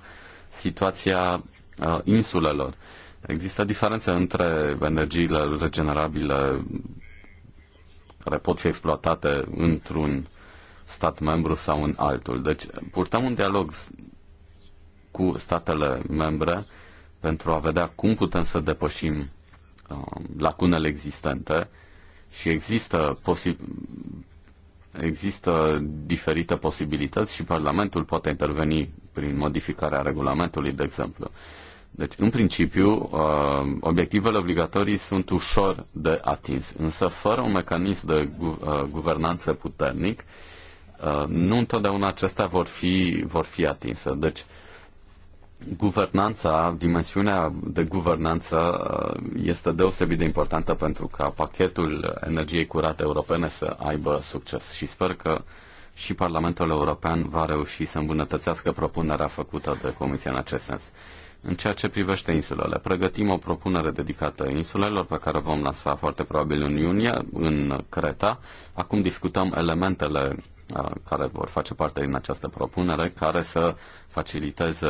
situația uh, insulelor. Există diferențe între energiile regenerabile care pot fi exploatate într-un stat membru sau în altul. Deci purtăm un dialog cu statele membre pentru a vedea cum putem să depășim uh, lacunele existente și există, posi- există diferite posibilități și Parlamentul poate interveni prin modificarea regulamentului, de exemplu. Uh, deci, în principiu, uh, obiectivele obligatorii sunt ușor de atins, însă fără un mecanism de uh, guvernanță puternic, uh, nu întotdeauna acestea vor fi, vor fi atinse. Deci, guvernanța, dimensiunea de guvernanță este deosebit de importantă pentru ca pachetul energiei curate europene să aibă succes și sper că și Parlamentul European va reuși să îmbunătățească propunerea făcută de Comisia în acest sens. În ceea ce privește insulele, pregătim o propunere dedicată insulelor pe care vom lansa foarte probabil în iunie, în Creta. Acum discutăm elementele uh, care vor face parte din această propunere, care să faciliteze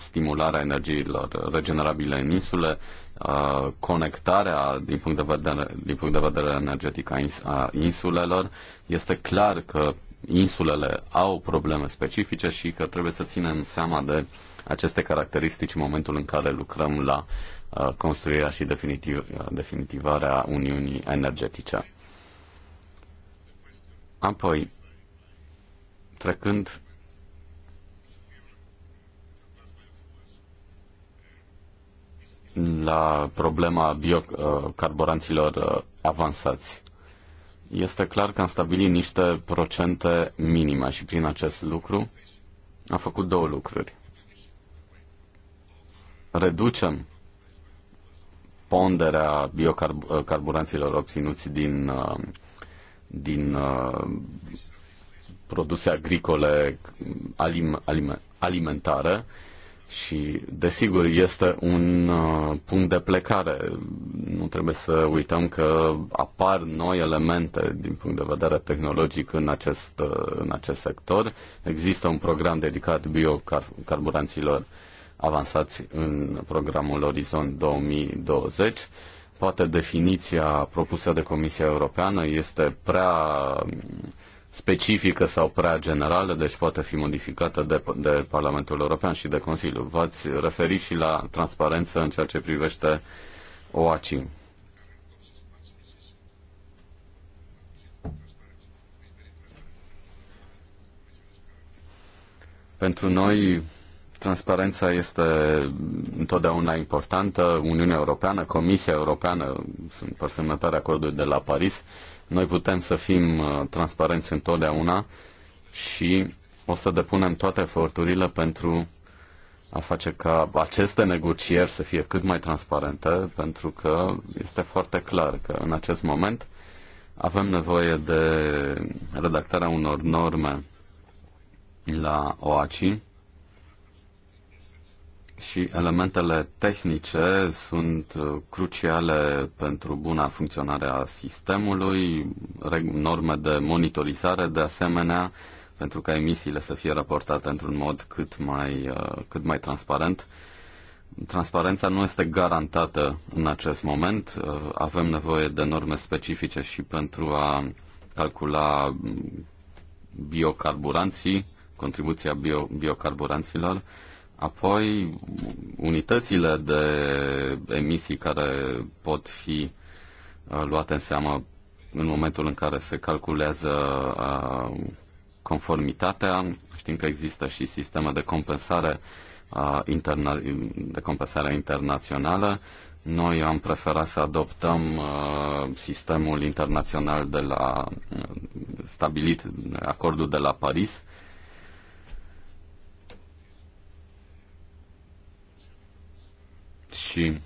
stimularea energiilor regenerabile în insule, uh, conectarea din punct de vedere, din punct de vedere energetic a insulelor. Este clar că insulele au probleme specifice și că trebuie să ținem seama de aceste caracteristici în momentul în care lucrăm la uh, construirea și definitiv, uh, definitivarea Uniunii Energetice. Apoi, trecând la problema biocarburanților uh, avansați este clar că am stabilit niște procente minime și prin acest lucru am făcut două lucruri. Reducem ponderea biocarburanților obținuți din, uh, din uh, produse agricole alim, alim, alimentare și, desigur, este un uh, punct de plecare. Nu trebuie să uităm că apar noi elemente din punct de vedere tehnologic în acest, uh, în acest sector. Există un program dedicat biocarburanților avansați în programul Orizont 2020. Poate definiția propusă de Comisia Europeană este prea specifică sau prea generală, deci poate fi modificată de, de Parlamentul European și de Consiliu. V-ați referit și la transparență în ceea ce privește OACI. Pentru noi, transparența este întotdeauna importantă. Uniunea Europeană, Comisia Europeană sunt părsemnătare acordului de la Paris, uh, noi putem să fim uh, transparenți întotdeauna și o să depunem toate eforturile pentru a face ca aceste negocieri să fie cât mai transparente, pentru că este foarte clar că în acest moment avem nevoie de redactarea unor norme la OACI și elementele tehnice sunt uh, cruciale pentru buna funcționare a sistemului, norme de monitorizare de asemenea, pentru ca emisiile să fie raportate într-un mod cât mai, uh, cât mai transparent. Transparența nu este garantată în acest moment. Uh, avem nevoie de norme specifice și pentru a calcula biocarburanții, contribuția bio, biocarburanților Apoi, unitățile de emisii care pot fi uh, luate în seamă în momentul în care se calculează uh, conformitatea. Știm că există și sisteme de compensare, uh, interna- de compensare internațională. Noi am preferat să adoptăm sistemul internațional de la stabilit, acordul de la Paris, Și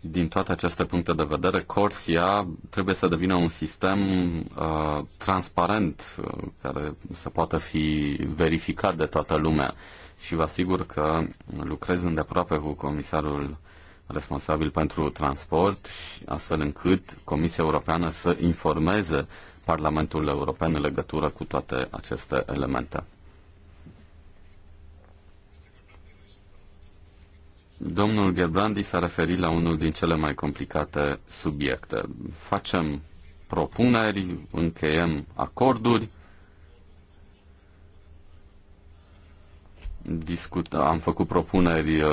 din toată această punctă de vedere, Corsia trebuie să devină un sistem uh, transparent uh, care să poată fi verificat de toată lumea. Și vă asigur că lucrez îndeaproape cu comisarul responsabil pentru transport, astfel încât Comisia Europeană să informeze Parlamentul European în legătură cu toate aceste elemente. Domnul Gerbrandi s-a referit la unul din cele mai complicate subiecte. Facem propuneri, încheiem acorduri, discut, am făcut propuneri uh,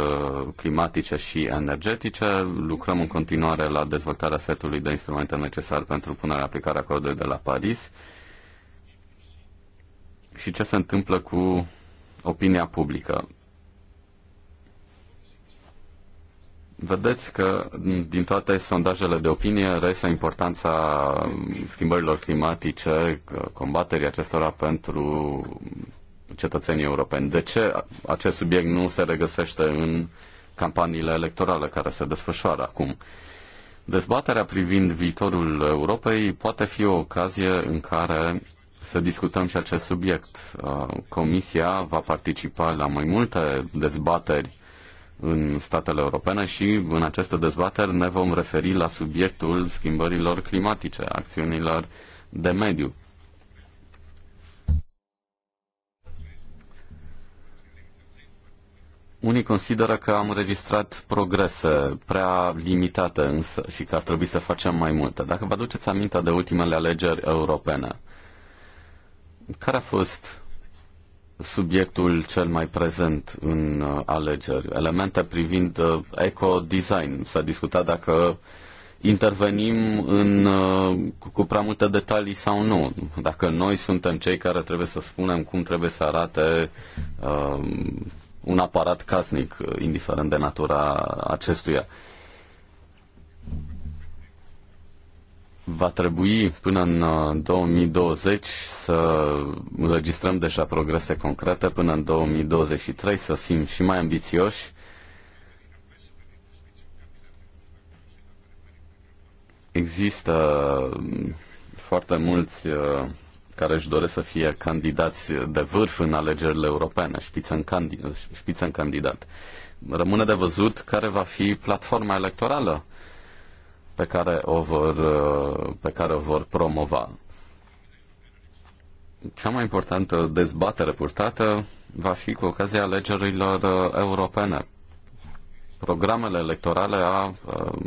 climatice și energetice, lucrăm în continuare la dezvoltarea setului de instrumente necesare pentru punerea în aplicare acordului de la Paris. Și ce se întâmplă cu opinia publică? Vedeți că din toate sondajele de opinie reiese importanța schimbărilor climatice, combaterii acestora pentru cetățenii europeni. De ce acest subiect nu se regăsește în campaniile electorale care se desfășoară acum? Dezbaterea privind viitorul Europei poate fi o ocazie în care să discutăm și acest subiect. Comisia va participa la mai multe dezbateri în statele europene și în aceste dezbateri ne vom referi la subiectul schimbărilor climatice, acțiunilor de mediu. Unii consideră că am înregistrat progrese prea limitate însă și că ar trebui să facem mai multe. Dacă vă aduceți aminte de ultimele alegeri europene, care a fost subiectul cel mai prezent în uh, alegeri. Elemente privind uh, eco-design. S-a discutat dacă intervenim în, uh, cu prea multe detalii sau nu. Dacă noi suntem cei care trebuie să spunem cum trebuie să arate uh, un aparat casnic, indiferent de natura acestuia. Uh, va trebui până în 2020 uh, să înregistrăm deja progrese concrete, până în 2023 să fim și mai ambițioși. Există uh, foarte mulți uh, care își doresc să fie candidați de vârf în alegerile europene, șpiță în, în candidat. Rămâne de văzut care va fi platforma electorală pe care o vor, uh, pe care o vor promova. Cea mai importantă dezbatere purtată va fi cu ocazia alegerilor uh, europene. Programele electorale a uh,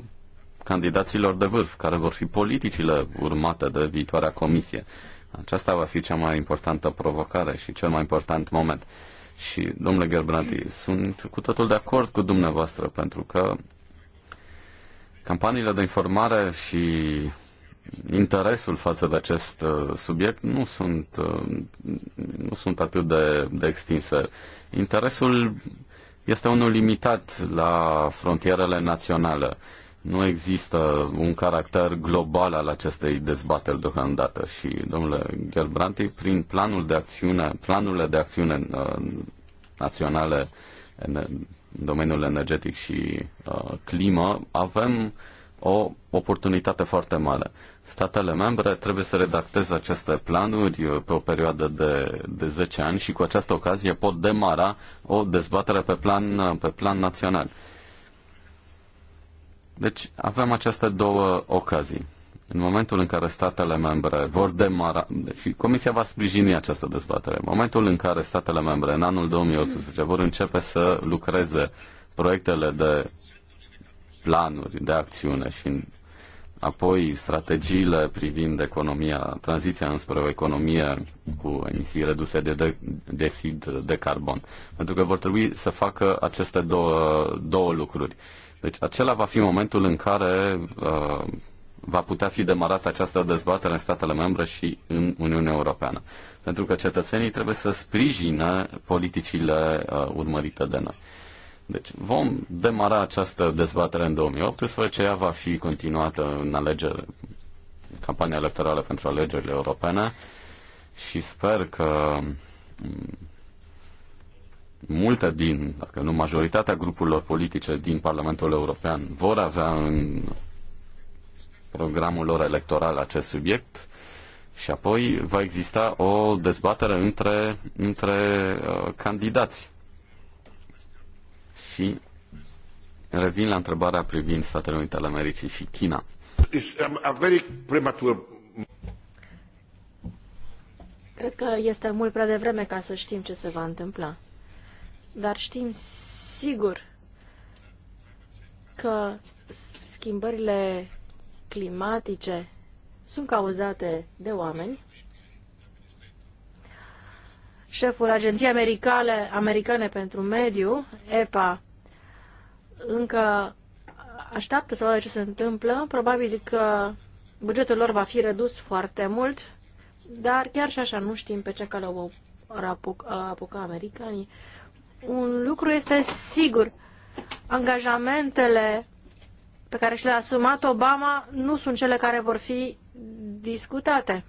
candidaților de vârf, care vor fi politicile urmate de viitoarea comisie. Aceasta va fi cea mai importantă provocare și cel mai important moment. Și, domnule Gerbrandi, sunt cu totul de acord cu dumneavoastră, pentru că Campaniile de informare și interesul față de acest uh, subiect nu sunt, uh, nu sunt atât de, de extinse. Interesul este unul limitat la frontierele naționale. Nu există un caracter global al acestei dezbateri deocamdată și, domnule Gerbranti, prin planul de acțiune, planurile de acțiune uh, naționale în domeniul energetic și uh, climă, avem o oportunitate foarte mare. Statele membre trebuie să redacteze aceste planuri uh, pe o perioadă de, de 10 ani și cu această ocazie pot demara o dezbatere pe plan, uh, pe plan național. Deci avem aceste două ocazii. În momentul în care statele membre vor demara, și Comisia va sprijini această dezbatere, în momentul în care statele membre în anul 2018 vor începe să lucreze proiectele de planuri, de acțiune și apoi strategiile privind economia, tranziția înspre o economie cu emisii reduse de, de, de fid de carbon. Pentru că vor trebui să facă aceste două, două lucruri. Deci acela va fi momentul în care uh, va putea fi demarată această dezbatere în statele membre și în Uniunea Europeană. Pentru că cetățenii trebuie să sprijine politicile uh, urmărite de noi. Deci vom demara această dezbatere în 2018, ea va fi continuată în alegeri, campania electorală pentru alegerile europene și sper că mm, multe din, dacă nu majoritatea grupurilor politice din Parlamentul European vor avea în programul lor electoral acest subiect și apoi va exista o dezbatere între, între uh, candidați. Și revin la întrebarea privind Statele Unite ale Americii și China. Um, Cred că este mult prea devreme ca să știm ce se va întâmpla. Dar știm sigur că schimbările climatice sunt cauzate de oameni. Șeful Agenției Americane, Americane pentru Mediu, EPA, încă așteaptă să vadă ce se întâmplă. Probabil că bugetul lor va fi redus foarte mult, dar chiar și așa nu știm pe ce cale o apuca, apuca americanii. Un lucru este sigur, angajamentele pe care și le-a asumat Obama nu sunt cele care vor fi discutate.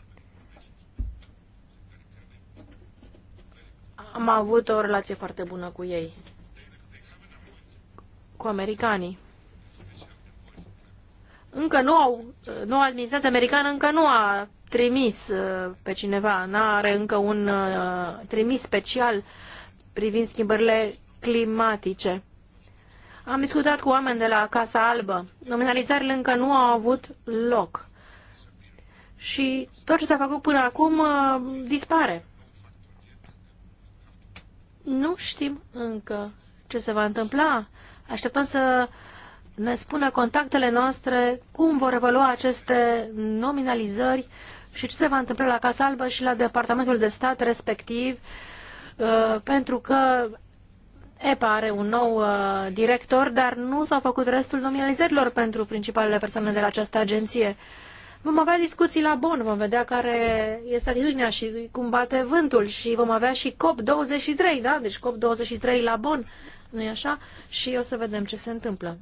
Am avut o relație foarte bună cu ei, cu americanii. Încă nu au, noua administrație americană încă nu a trimis uh, pe cineva, nu are încă un uh, trimis special privind schimbările climatice. Am discutat cu oameni de la Casa Albă. Nominalizările încă nu au avut loc. Și tot ce s-a făcut până acum uh, dispare. Nu știm încă ce se va întâmpla. Așteptăm să ne spună contactele noastre cum vor evolua aceste nominalizări și ce se va întâmpla la Casa Albă și la Departamentul de Stat respectiv, uh, pentru că EPA are un nou uh, director, dar nu s-au făcut restul nominalizărilor pentru principalele persoane de la această agenție. Vom avea discuții la Bonn, vom vedea care este atitudinea și cum bate vântul și vom avea și COP23, da? Deci COP23 la Bonn, nu-i așa? Și o să vedem ce se întâmplă.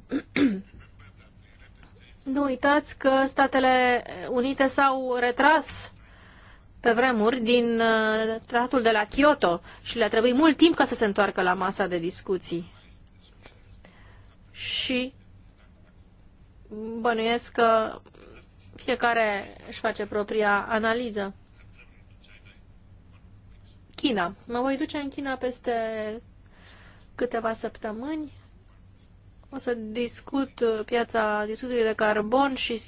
nu uitați că Statele Unite s-au retras pe vremuri din uh, tratatul de la Kyoto și le-a trebuit mult timp ca să se întoarcă la masa de discuții. Și bănuiesc că fiecare își face propria analiză. China. Mă voi duce în China peste câteva săptămâni. O să discut piața discutului de carbon și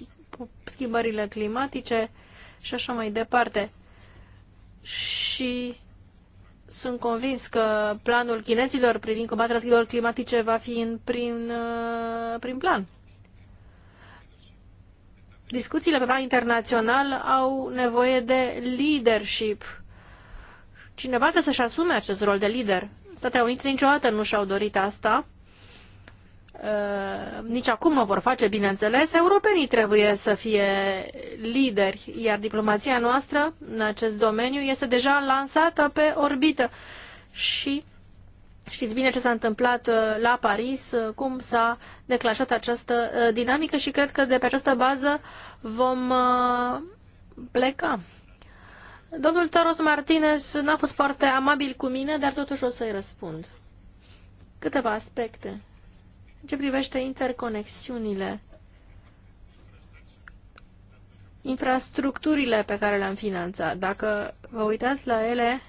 schimbările climatice și așa mai departe și sunt convins că planul chinezilor privind combaterea schimbărilor climatice va fi în prim, uh, prim plan. Discuțiile pe plan internațional au nevoie de leadership. Cineva trebuie să-și asume acest rol de lider. Statele Unite niciodată nu și-au dorit asta Uh, nici acum nu vor face, bineînțeles, europenii trebuie să fie lideri, iar diplomația noastră în acest domeniu este deja lansată pe orbită. Și știți bine ce s-a întâmplat uh, la Paris, uh, cum s-a declanșat această dinamică și cred că de pe această bază vom pleca. Domnul Toros Martinez n-a fost foarte amabil cu mine, dar totuși o să-i răspund. Câteva aspecte în ce privește interconexiunile, infrastructurile pe care le-am finanțat, dacă vă uitați la ele,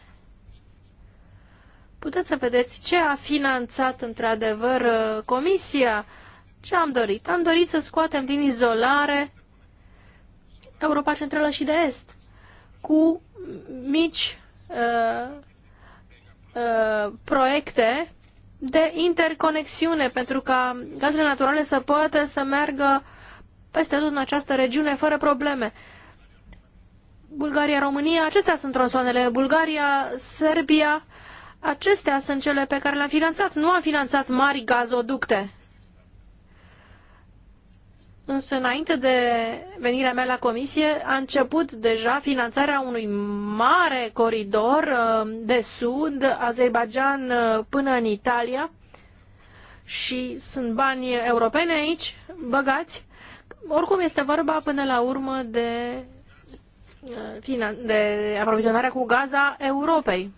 puteți să vedeți ce a finanțat într-adevăr uh, Comisia. Ce am dorit? Am dorit să scoatem din izolare Europa Centrală și de Est cu mici uh, uh, proiecte de interconexiune pentru ca gazele naturale să poată să meargă peste tot în această regiune fără probleme. Bulgaria, România, acestea sunt tronsoanele. Bulgaria, Serbia, acestea sunt cele pe care le-am finanțat. Nu am finanțat mari gazoducte. Însă, înainte de venirea mea la comisie, a început deja finanțarea unui mare coridor uh, de sud, Azerbaijan uh, până în Italia. Și sunt bani europene aici, băgați. Oricum este vorba până la urmă de, uh, de aprovizionarea cu gaza Europei.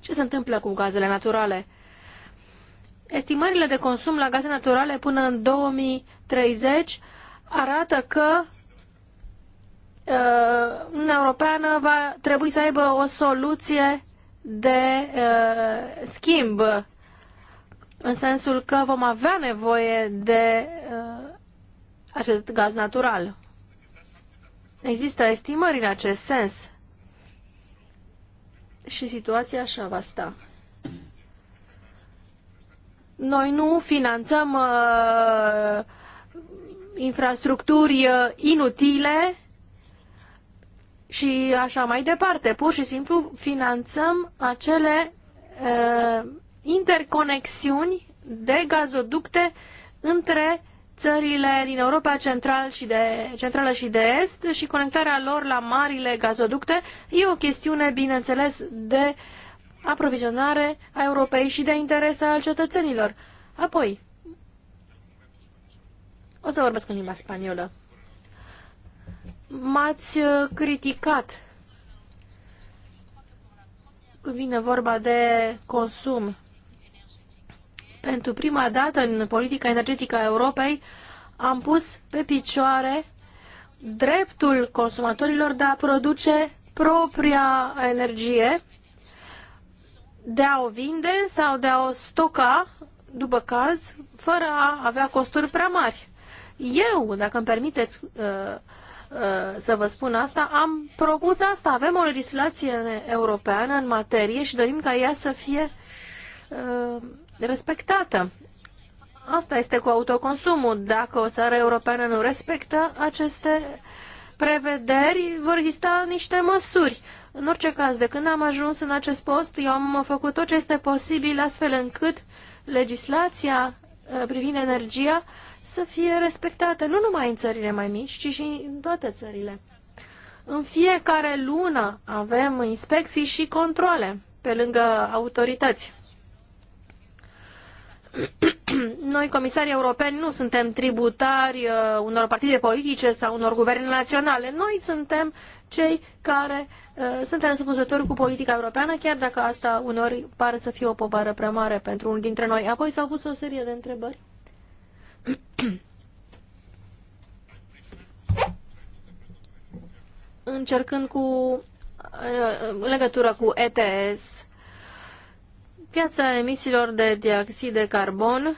Ce se întâmplă cu gazele naturale? Estimările de consum la gaze naturale până în 2030 arată că uh, Uniunea Europeană va trebui să aibă o soluție de uh, schimb, în sensul că vom avea nevoie de uh, acest gaz natural. Există estimări în acest sens și situația așa va sta. Noi nu finanțăm uh, infrastructuri uh, inutile și așa mai departe. Pur și simplu finanțăm acele uh, interconexiuni de gazoducte între țările din Europa Central și de, Centrală și de Est și conectarea lor la marile gazoducte e o chestiune, bineînțeles, de uh, aprovizionare a Europei și de interes al cetățenilor. Apoi, o să vorbesc în limba spaniolă. M-ați uh, criticat când vine vorba de consum. Pentru prima dată în politica energetică a Europei am pus pe picioare dreptul consumatorilor de a produce propria energie de a o vinde sau de a o stoca, după caz, fără a avea costuri prea mari. Eu, dacă îmi permiteți uh, uh, să vă spun asta, am propus asta. Avem o legislație europeană în materie și dorim ca ea să fie uh, respectată. Asta este cu autoconsumul. Dacă o țară europeană nu respectă aceste prevederi, vor exista niște măsuri. În orice caz, de când am ajuns în acest post, eu am făcut tot ce este posibil astfel încât legislația uh, privind energia să fie respectată nu numai în țările mai mici, ci și în toate țările. În fiecare lună avem inspecții și controle pe lângă autorități. Noi, comisarii europeni, nu suntem tributari uh, unor partide politice sau unor guverne naționale. Noi suntem cei care uh, sunt răspunzători cu politica europeană, chiar dacă asta uneori pare să fie o povară prea mare pentru unul dintre noi. Apoi s-au pus o serie de întrebări. Încercând cu în uh, legătură cu ETS, piața emisiilor de dioxid de carbon.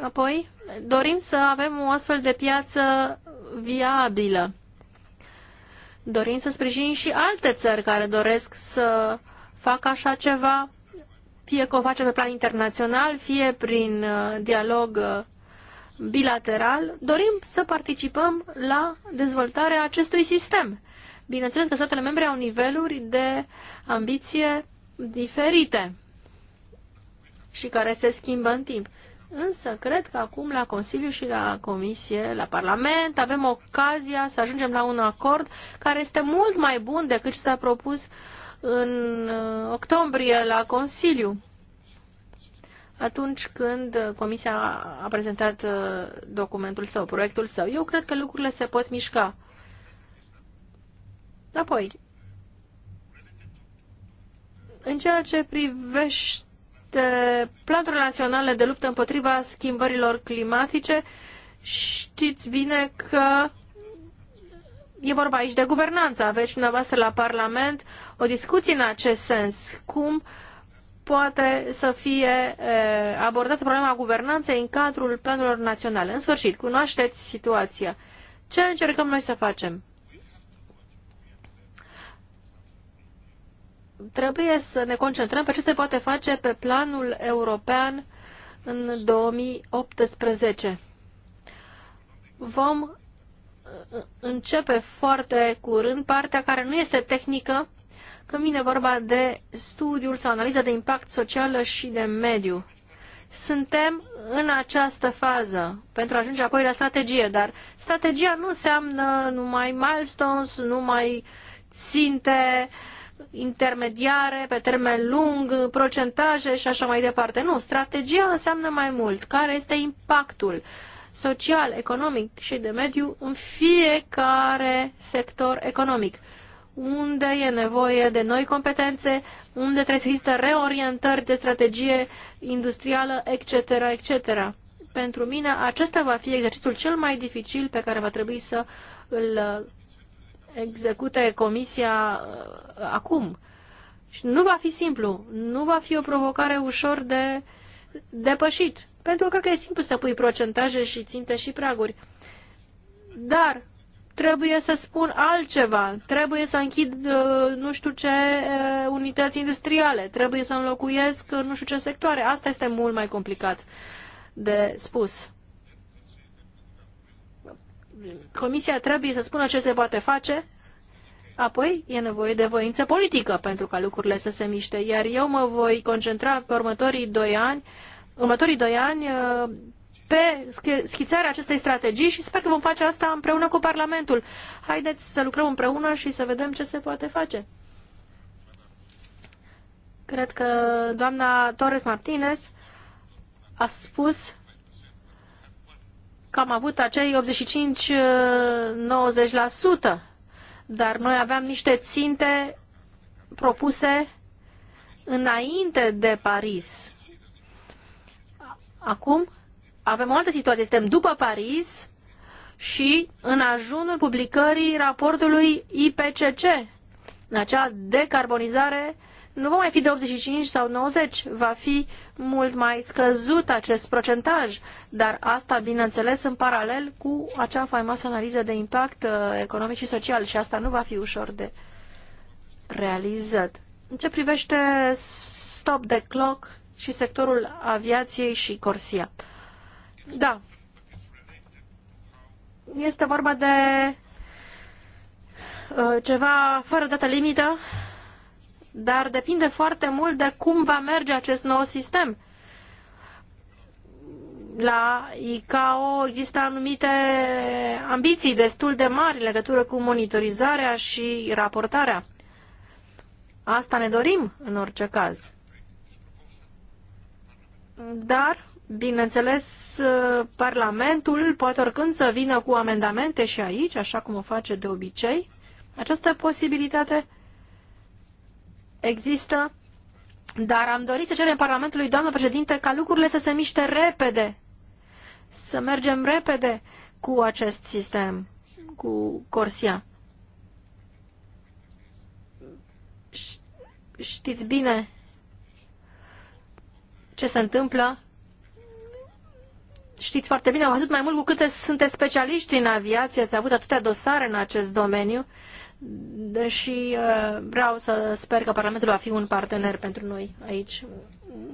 Apoi, dorim să avem o astfel de piață viabilă. Dorim să sprijin și alte țări care doresc să facă așa ceva, fie că o facem pe plan internațional, fie prin uh, dialog uh, bilateral. Dorim să participăm la dezvoltarea acestui sistem. Bineînțeles că statele membre au niveluri de ambiție diferite și care se schimbă în timp. Însă cred că acum la Consiliu și la Comisie, la Parlament, avem ocazia să ajungem la un acord care este mult mai bun decât ce s-a propus în uh, octombrie la Consiliu. Atunci când Comisia a prezentat uh, documentul său, proiectul său, eu cred că lucrurile se pot mișca. Apoi, în ceea ce privește Eh, planurile naționale de luptă împotriva schimbărilor climatice, știți bine că e vorba aici de guvernanță. Aveți dumneavoastră la Parlament o discuție în acest sens. Cum poate să fie eh, abordată problema guvernanței în cadrul planurilor naționale? În sfârșit, cunoașteți situația. Ce încercăm noi să facem? trebuie să ne concentrăm pe ce se poate face pe planul european în 2018. Vom uh, începe foarte curând partea care nu este tehnică, când vine vorba de studiul sau analiza de impact socială și de mediu. Suntem în această fază pentru a ajunge apoi la strategie, dar strategia nu înseamnă numai milestones, numai ținte, uh, intermediare, pe termen lung, procentaje și așa mai departe. Nu, strategia înseamnă mai mult. Care este impactul social, economic și de mediu în fiecare sector economic? Unde e nevoie de noi competențe, unde trebuie să există reorientări de strategie industrială, etc., etc. Pentru mine acesta va fi exercițiul cel mai dificil pe care va trebui să îl execute Comisia uh, acum. Și nu va fi simplu, nu va fi o provocare ușor de depășit, pentru că că e simplu să pui procentaje și ținte și praguri. Dar trebuie să spun altceva, trebuie să închid uh, nu știu ce uh, unități industriale, trebuie să înlocuiesc nu știu ce sectoare. Asta este mult mai complicat de spus. Comisia trebuie să spună ce se poate face, apoi e nevoie de voință politică pentru ca lucrurile să se miște. Iar eu mă voi concentra pe următorii doi ani, următorii doi ani uh, pe schițarea acestei strategii și sper că vom face asta împreună cu Parlamentul. Haideți să lucrăm împreună și să vedem ce se poate face. Cred că doamna Torres Martinez a spus că am avut acei 85-90%, dar noi aveam niște ținte propuse înainte de Paris. Acum avem o altă situație. Suntem după Paris și în ajunul publicării raportului IPCC, în acea decarbonizare nu va mai fi de 85 sau 90, va fi mult mai scăzut acest procentaj, dar asta, bineînțeles, în paralel cu acea faimoasă analiză de impact uh, economic și social și asta nu va fi ușor de realizat. În ce privește stop the clock și sectorul aviației și Corsia. Da. Este vorba de uh, ceva fără dată limită dar depinde foarte mult de cum va merge acest nou sistem. La ICAO există anumite ambiții destul de mari în legătură cu monitorizarea și raportarea. Asta ne dorim în orice caz. Dar, bineînțeles, Parlamentul poate oricând să vină cu amendamente și aici, așa cum o face de obicei. Această posibilitate există, dar am dorit să cerem Parlamentului, doamnă președinte, ca lucrurile să se miște repede, să mergem repede cu acest sistem, cu Corsia. Știți bine ce se întâmplă știți foarte bine, atât mai mult cu cât sunteți specialiști în aviație, ați avut atâtea dosare în acest domeniu, deși uh, vreau să sper că Parlamentul va fi un partener pentru noi aici.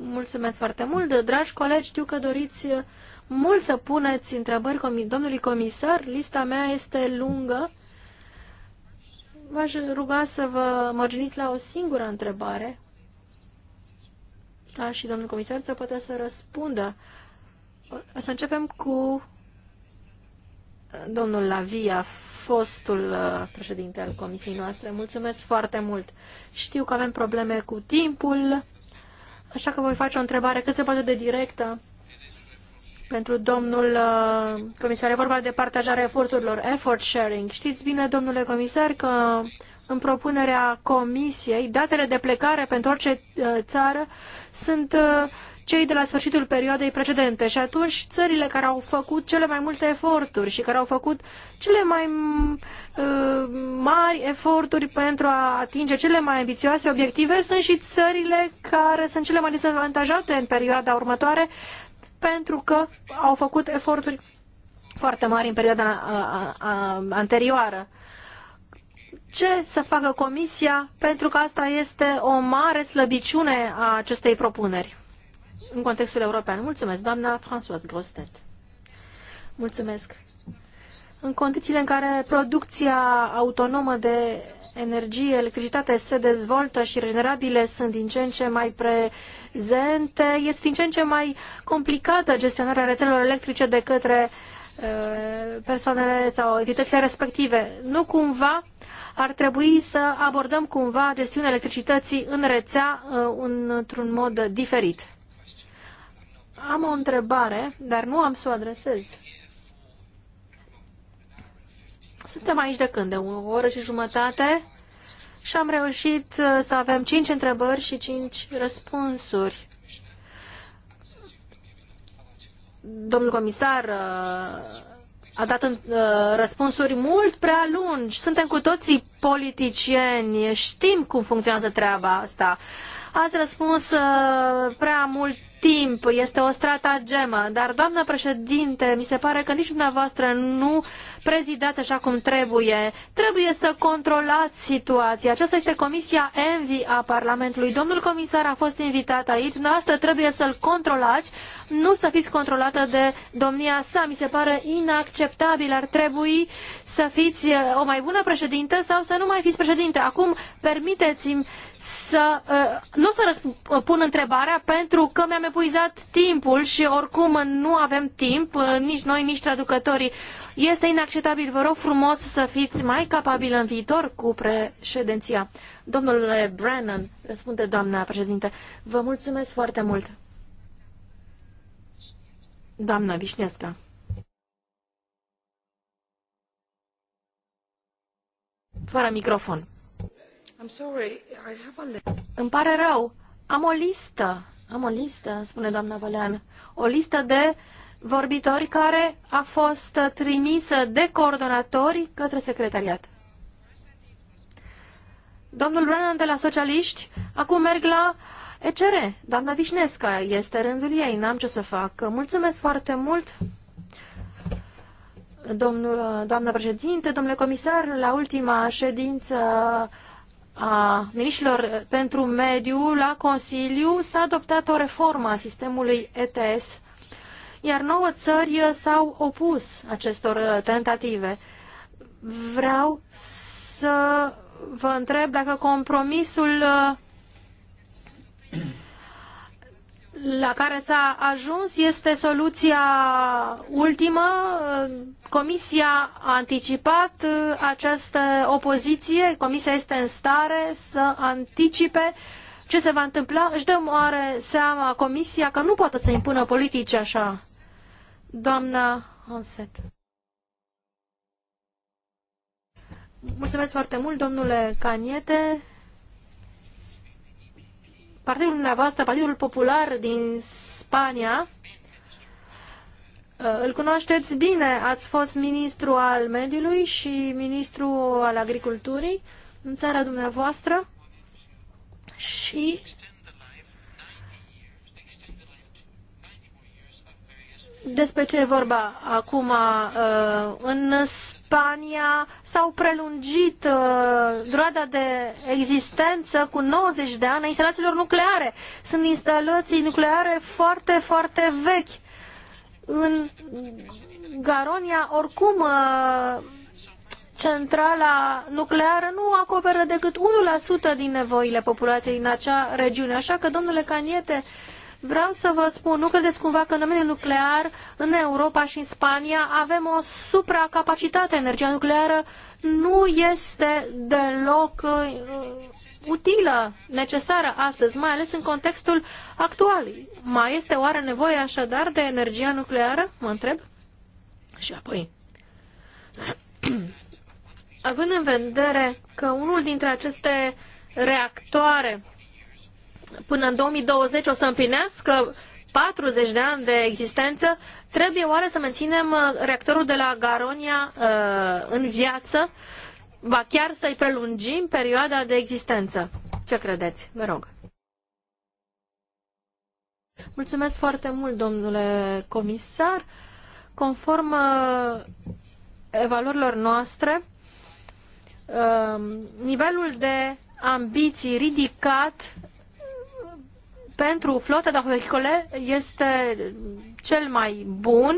Mulțumesc foarte mult. Dragi colegi, știu că doriți uh, mult să puneți întrebări domnului comisar. Lista mea este lungă. V-aș ruga să vă mărginiți la o singură întrebare. Ca da, și domnul comisar să poată să răspundă să începem cu uh, domnul Lavia, fostul uh, președinte al comisiei noastre. Mulțumesc foarte mult. Știu că avem probleme cu timpul, așa că voi face o întrebare cât se poate de directă pentru domnul uh, comisar. E vorba de partajarea eforturilor, effort sharing. Știți bine, domnule comisar, că în propunerea comisiei, datele de plecare pentru orice țară sunt cei de la sfârșitul perioadei precedente și atunci țările care au făcut cele mai multe eforturi și care au făcut cele mai uh, mari eforturi pentru a atinge cele mai ambițioase obiective sunt și țările care sunt cele mai dezavantajate în perioada următoare pentru că au făcut eforturi foarte mari în perioada uh, uh, anterioară ce să facă Comisia, pentru că asta este o mare slăbiciune a acestei propuneri în contextul european. Mulțumesc, doamna Françoise Grostet. Mulțumesc. În condițiile în care producția autonomă de energie, electricitate se dezvoltă și regenerabile sunt din ce în ce mai prezente, este din ce în ce mai complicată gestionarea rețelelor electrice de către uh, persoanele sau entitățile respective. Nu cumva ar trebui să abordăm cumva gestiunea electricității în rețea uh, într-un mod diferit. Am o întrebare, dar nu am să o adresez. Suntem aici de când? De o oră și jumătate? Și am reușit uh, să avem cinci întrebări și cinci răspunsuri. Domnul comisar uh, a dat uh, răspunsuri mult prea lungi. Suntem cu toții politicieni, știm cum funcționează treaba asta. Ați răspuns prea mult timp, este o stratagemă, dar, doamnă președinte, mi se pare că nici dumneavoastră nu prezidați așa cum trebuie. Trebuie să controlați situația. Aceasta este Comisia Envi a Parlamentului. Domnul comisar a fost invitat aici, dumneavoastră trebuie să-l controlați, nu să fiți controlată de domnia sa. Mi se pare inacceptabil, ar trebui să fiți o mai bună președinte sau să nu mai fiți președinte. Acum, permiteți-mi să... Uh, nu o să uh, pun întrebarea pentru că mi-am epuizat timpul și oricum nu avem timp, uh, nici noi, nici traducătorii. Este inacceptabil. Vă rog frumos să fiți mai capabil în viitor cu președinția. Domnule Brennan, răspunde doamna președinte, vă mulțumesc foarte mult. Doamna Vișnesca. Fără microfon. Îmi pare rău. Am o listă. Am o listă, spune doamna Vălean. O listă de vorbitori care a fost trimisă de coordonatori către secretariat. Domnul Brennan de la Socialiști, acum merg la ECR. Doamna Vișnescă este rândul ei, n-am ce să fac. Mulțumesc foarte mult, domnul, doamna președinte, domnule comisar, la ultima ședință a Ministrilor pentru Mediu, la Consiliu s-a adoptat o reformă a sistemului ETS, iar nouă țări s-au opus acestor uh, tentative. Vreau să vă întreb dacă compromisul uh, la care s-a ajuns este soluția ultimă. Comisia a anticipat această opoziție, Comisia este în stare să anticipe ce se va întâmpla. Își dăm oare seama Comisia că nu poate să impună politici așa? Doamna Hanset. Mulțumesc foarte mult, domnule Caniete partidul dumneavoastră, Partidul Popular din Spania, uh, îl cunoașteți bine, ați fost ministru al mediului și ministru al agriculturii în țara dumneavoastră și despre ce e vorba acum uh, în Spania s-au prelungit uh, durata de existență cu 90 de ani a instalațiilor nucleare. Sunt instalații nucleare foarte, foarte vechi. În Garonia, oricum, uh, centrala nucleară nu acoperă decât 1% din nevoile populației în acea regiune. Așa că, domnule Caniete, Vreau să vă spun, nu credeți cumva că în domeniul nuclear, în Europa și în Spania, avem o supracapacitate. Energia nucleară nu este deloc uh, utilă, necesară astăzi, mai ales în contextul actual. Mai este oare nevoie așadar de energia nucleară? Mă întreb. Și apoi, având în vedere că unul dintre aceste reactoare până în 2020 o să împlinească 40 de ani de existență, trebuie oare să menținem uh, reactorul de la Garonia uh, în viață, va chiar să-i prelungim perioada de existență? Ce credeți? Vă rog. Mulțumesc foarte mult, domnule comisar. Conform uh, evaluărilor noastre, nivelul de ambiții ridicat pentru flota de vehicule este cel mai bun.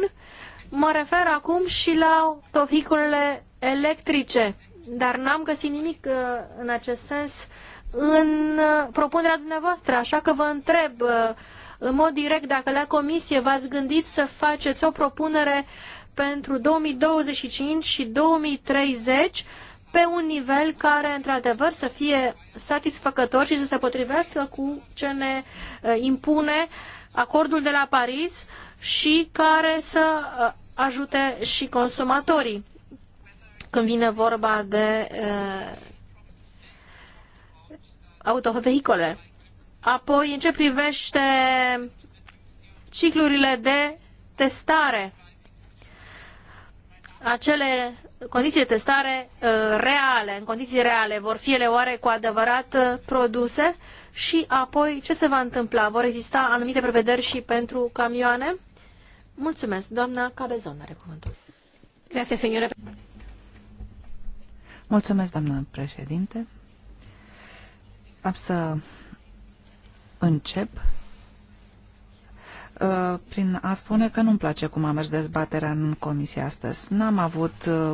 Mă refer acum și la vehiculele electrice, dar n-am găsit nimic uh, în acest sens în uh, propunerea dumneavoastră, așa că vă întreb uh, în mod direct dacă la comisie v-ați gândit să faceți o propunere pentru 2025 și 2030 pe un nivel care, într-adevăr, să fie satisfăcător și să se potrivească cu ce ne eh, impune acordul de la Paris și care să eh, ajute și consumatorii când vine vorba de uh, autovehicole. Apoi, în ce privește ciclurile de testare, acele condiții de testare uh, reale, în condiții reale, vor fi ele oare cu adevărat uh, produse și apoi ce se va întâmpla? Vor exista anumite prevederi și pentru camioane? Mulțumesc. Doamna Cabezon are cuvântul. Grazie, signora. Mulțumesc, doamnă președinte. Am să încep Uh, prin a spune că nu-mi place cum a mers dezbaterea în comisie astăzi. N-am avut uh,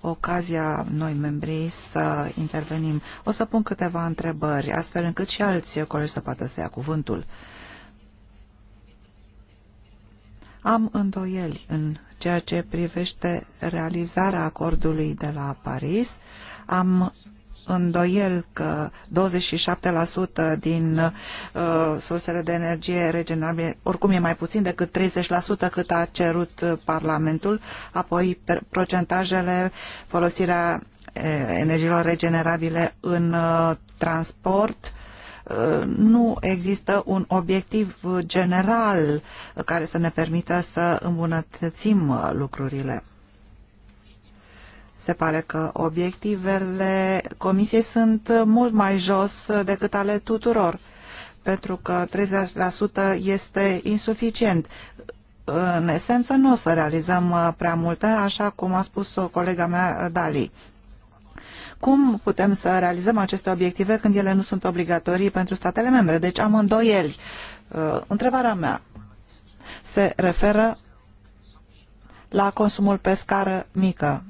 ocazia noi membrii să intervenim. O să pun câteva întrebări, astfel încât și alți colegi să poată să ia cuvântul. Am îndoieli în ceea ce privește realizarea acordului de la Paris. Am îndoiel că 27% din uh, sursele de energie regenerabile, oricum e mai puțin decât 30% cât a cerut uh, Parlamentul, apoi procentajele, folosirea energiilor regenerabile în uh, transport, uh, nu există un obiectiv general care să ne permită să îmbunătățim uh, lucrurile. Se pare că obiectivele Comisiei sunt mult mai jos decât ale tuturor, pentru că 30% este insuficient. În esență nu o să realizăm prea multe, așa cum a spus o colega mea, Dali. Cum putem să realizăm aceste obiective când ele nu sunt obligatorii pentru statele membre? Deci am îndoieli. Uh, întrebarea mea se referă la consumul pe scară mică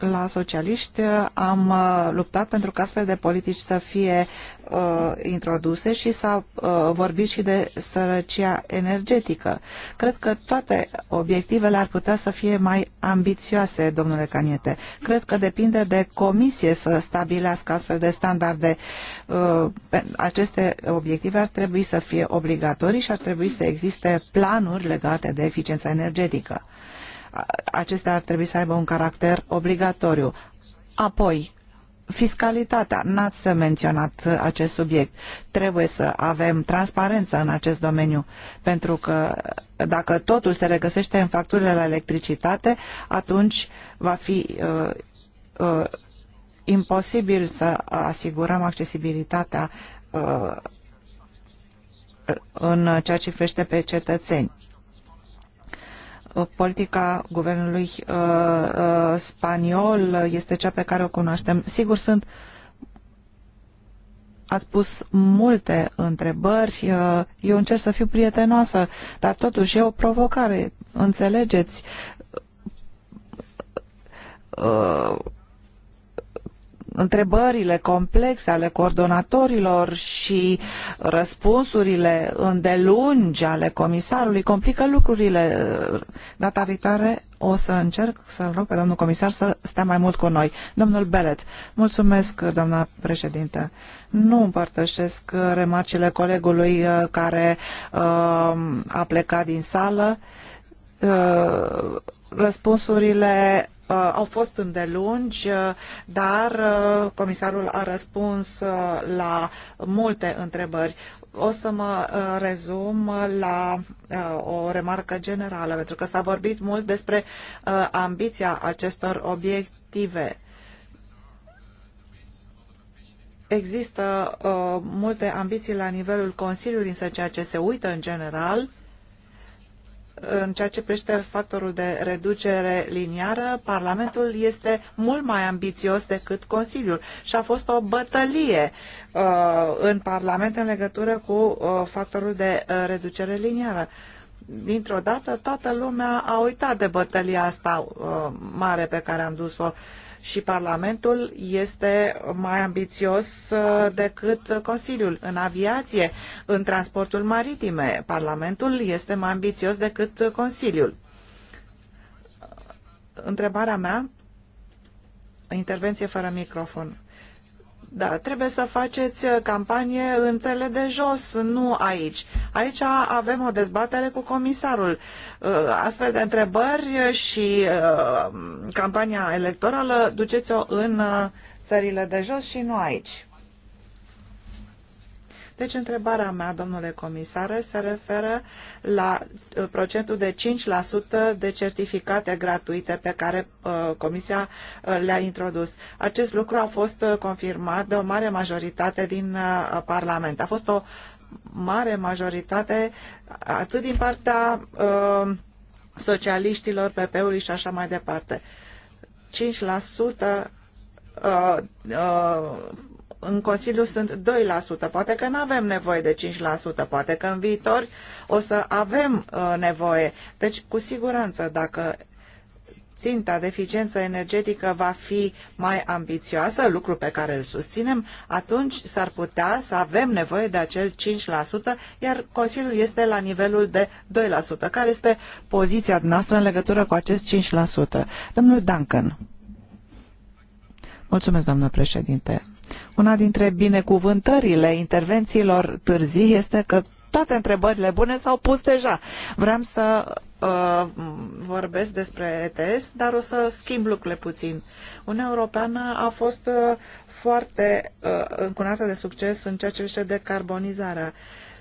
la socialiști am uh, luptat pentru ca astfel de politici să fie uh, introduse și s-a uh, vorbit și de sărăcia energetică. Cred că toate obiectivele ar putea să fie mai ambițioase, domnule Caniete. Cred că depinde de comisie să stabilească astfel de standarde. Uh, aceste obiective ar trebui să fie obligatorii și ar trebui să existe planuri legate de eficiența energetică acestea ar trebui să aibă un caracter obligatoriu. Apoi, fiscalitatea. N-ați menționat acest subiect. Trebuie să avem transparență în acest domeniu, pentru că dacă totul se regăsește în facturile la electricitate, atunci va fi uh, uh, imposibil să asigurăm accesibilitatea uh, în ceea ce privește pe cetățeni. Uh, politica guvernului uh, uh, spaniol este cea pe care o cunoaștem. Sigur, sunt ați pus multe întrebări. Eu încerc să fiu prietenoasă, dar totuși e o provocare. Înțelegeți? întrebările complexe ale coordonatorilor și răspunsurile îndelungi ale comisarului complică lucrurile. Data viitoare o să încerc să-l rog pe domnul comisar să stea mai mult cu noi. Domnul Belet, mulțumesc, doamna președinte. Nu împărtășesc remarcile colegului uh, care uh, a plecat din sală uh, răspunsurile Uh, au fost îndelungi, uh, dar uh, comisarul a răspuns la multe întrebări. O să mă rezum la o remarcă generală, pentru că s-a vorbit mult despre ambiția acestor obiective există uh, multe ambiții la nivelul Consiliului, însă ceea ce se uită în general în ceea ce privește factorul de reducere liniară, Parlamentul este mult mai ambițios decât Consiliul și a fost o bătălie uh, în Parlament în legătură cu uh, factorul de uh, reducere liniară. Dintr-o dată, toată lumea a uitat de bătălia asta uh, mare pe care am dus-o și Parlamentul este mai ambițios uh, decât Consiliul. În aviație, în transportul maritime, Parlamentul este mai ambițios decât Consiliul. Întrebarea mea, intervenție fără microfon. Da, trebuie să faceți uh, campanie în țele de jos, nu aici. Aici avem o dezbatere cu comisarul. Uh, astfel de întrebări și uh, campania electorală duceți-o în țările de jos și nu aici. Deci întrebarea mea, domnule comisar, se referă la uh, procentul de 5% de certificate gratuite pe care uh, Comisia uh, le-a introdus. Acest lucru a fost confirmat de o mare majoritate din Parlament. A fost o mare majoritate atât din partea socialiștilor, PP-ului și așa mai departe. 5% uh, uh, în Consiliu sunt 2%, poate că nu avem nevoie de 5%, poate că în viitor o să avem uh, nevoie. Deci, cu siguranță, dacă ținta de eficiență energetică va fi mai ambițioasă, lucru pe care îl susținem, atunci s-ar putea să avem nevoie de acel 5%, iar Consiliul este la nivelul de 2%. Care este poziția noastră în legătură cu acest 5%? Domnul Duncan. Mulțumesc, doamnă președinte. Una dintre binecuvântările intervențiilor târzii este că toate întrebările bune s-au pus deja. Vreau să uh, vorbesc despre ETS, dar o să schimb lucrurile puțin. Uniunea Europeană a fost uh, foarte uh, încunată de succes în ceea ce privește decarbonizarea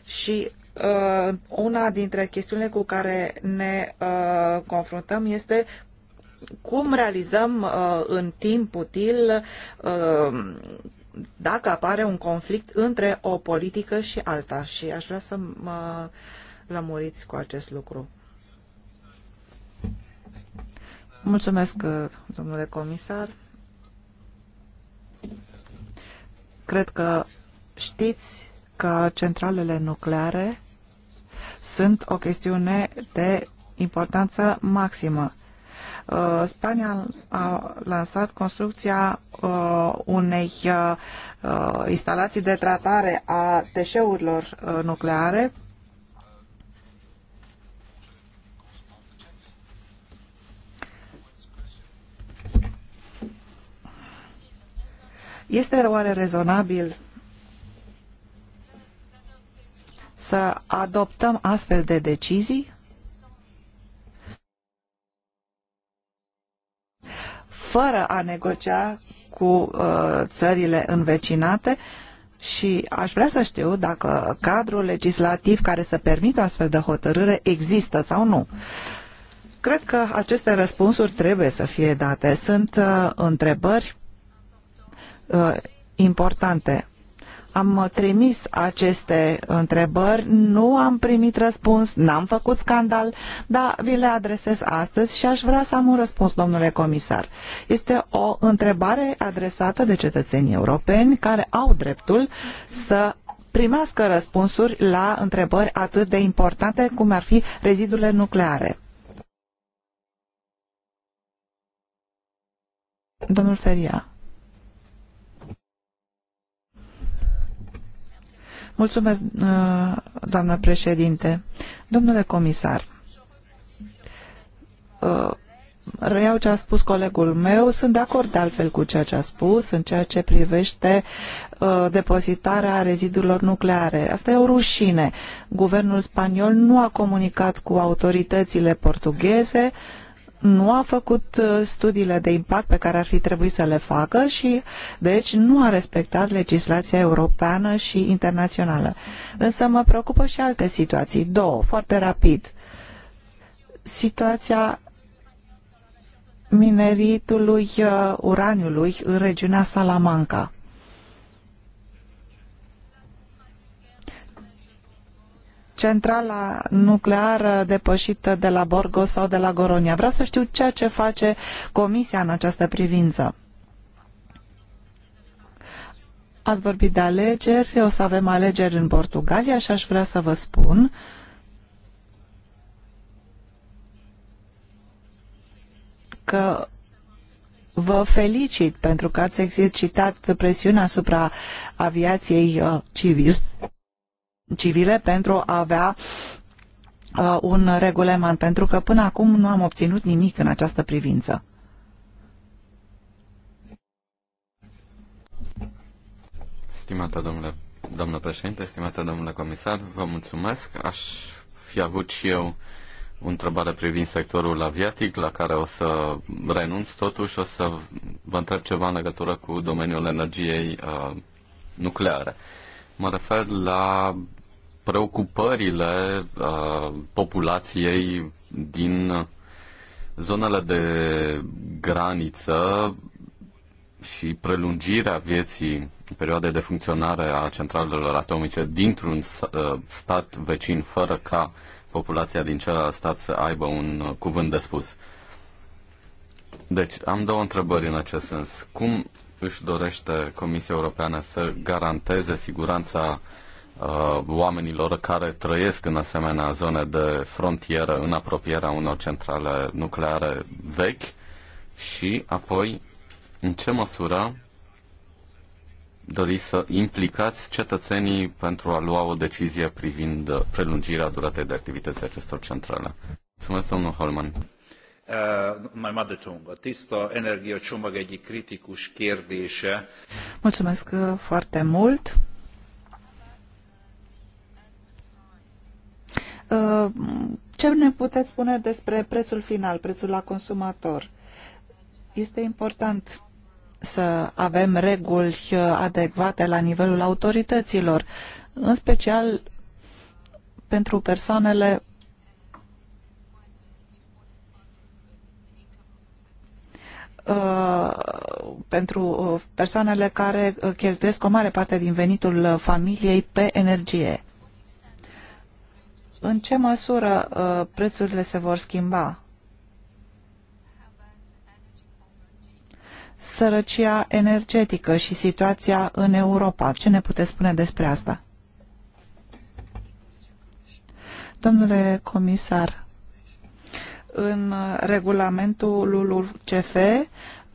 și uh, una dintre chestiunile cu care ne uh, confruntăm este cum realizăm uh, în timp util uh, dacă apare un conflict între o politică și alta și aș vrea să mă lămuriți cu acest lucru. Mulțumesc, domnule comisar. Cred că știți că centralele nucleare sunt o chestiune de importanță maximă Uh, Spania a lansat construcția uh, unei uh, instalații de tratare a deșeurilor nucleare Este oare rezonabil să adoptăm astfel de decizii? fără a negocia cu uh, țările învecinate și aș vrea să știu dacă cadrul legislativ care să permită astfel de hotărâre există sau nu. Cred că aceste răspunsuri trebuie să fie date. Sunt uh, întrebări uh, importante am trimis aceste întrebări, nu am primit răspuns, n-am făcut scandal, dar vi le adresez astăzi și aș vrea să am un răspuns, domnule comisar. Este o întrebare adresată de cetățenii europeni care au dreptul să primească răspunsuri la întrebări atât de importante cum ar fi rezidurile nucleare. Domnul Feria. Mulțumesc, uh, doamnă președinte. Domnule comisar, uh, reiau ce a spus colegul meu, sunt de acord de altfel cu ceea ce a spus în ceea ce privește uh, depozitarea rezidurilor nucleare. Asta e o rușine. Guvernul spaniol nu a comunicat cu autoritățile portugheze nu a făcut uh, studiile de impact pe care ar fi trebuit să le facă și deci nu a respectat legislația europeană și internațională. Însă mă preocupă și alte situații. Două, foarte rapid. Situația mineritului uh, uraniului în regiunea Salamanca. centrala nucleară depășită de la Borgo sau de la Goronia. Vreau să știu ceea ce face Comisia în această privință. Ați vorbit de alegeri, o să avem alegeri în Portugalia și aș vrea să vă spun că vă felicit pentru că ați exercitat presiunea asupra aviației uh, civile civile pentru a avea uh, un regulament, pentru că până acum nu am obținut nimic în această privință. Stimată domnule, domnule președinte, stimată domnule comisar, vă mulțumesc. Aș fi avut și eu o întrebare privind sectorul aviatic, la care o să renunț totuși, o să vă întreb ceva în legătură cu domeniul energiei uh, nucleare. Uh, Mă refer la preocupările uh, populației din zonele de graniță și prelungirea vieții perioade de funcționare a centralelor atomice dintr-un uh, stat vecin, fără ca populația din celălalt stat să aibă un uh, cuvânt de spus. Deci, am două întrebări în acest sens. Cum își dorește Comisia Europeană să garanteze siguranța uh, oamenilor care trăiesc în asemenea zone de frontieră în apropierea unor centrale nucleare vechi și apoi în ce măsură doriți să implicați cetățenii pentru a lua o decizie privind prelungirea duratei de activități acestor centrale. Mulțumesc, domnul Holman. Uh, my tiszta energiacsomag egyik kritikus kérdése. Mulțumesc uh, foarte mult. Uh, ce ne puteți spune despre prețul final, prețul la consumator? Este important să avem reguli adecvate la nivelul autorităților, în special pentru persoanele Uh, pentru uh, persoanele care uh, cheltuiesc o mare parte din venitul familiei pe energie. În ce măsură prețurile se vor schimba? Sărăcia energetică și situația în Europa. Ce ne puteți spune despre asta? Domnule comisar, în regulamentul LULUCF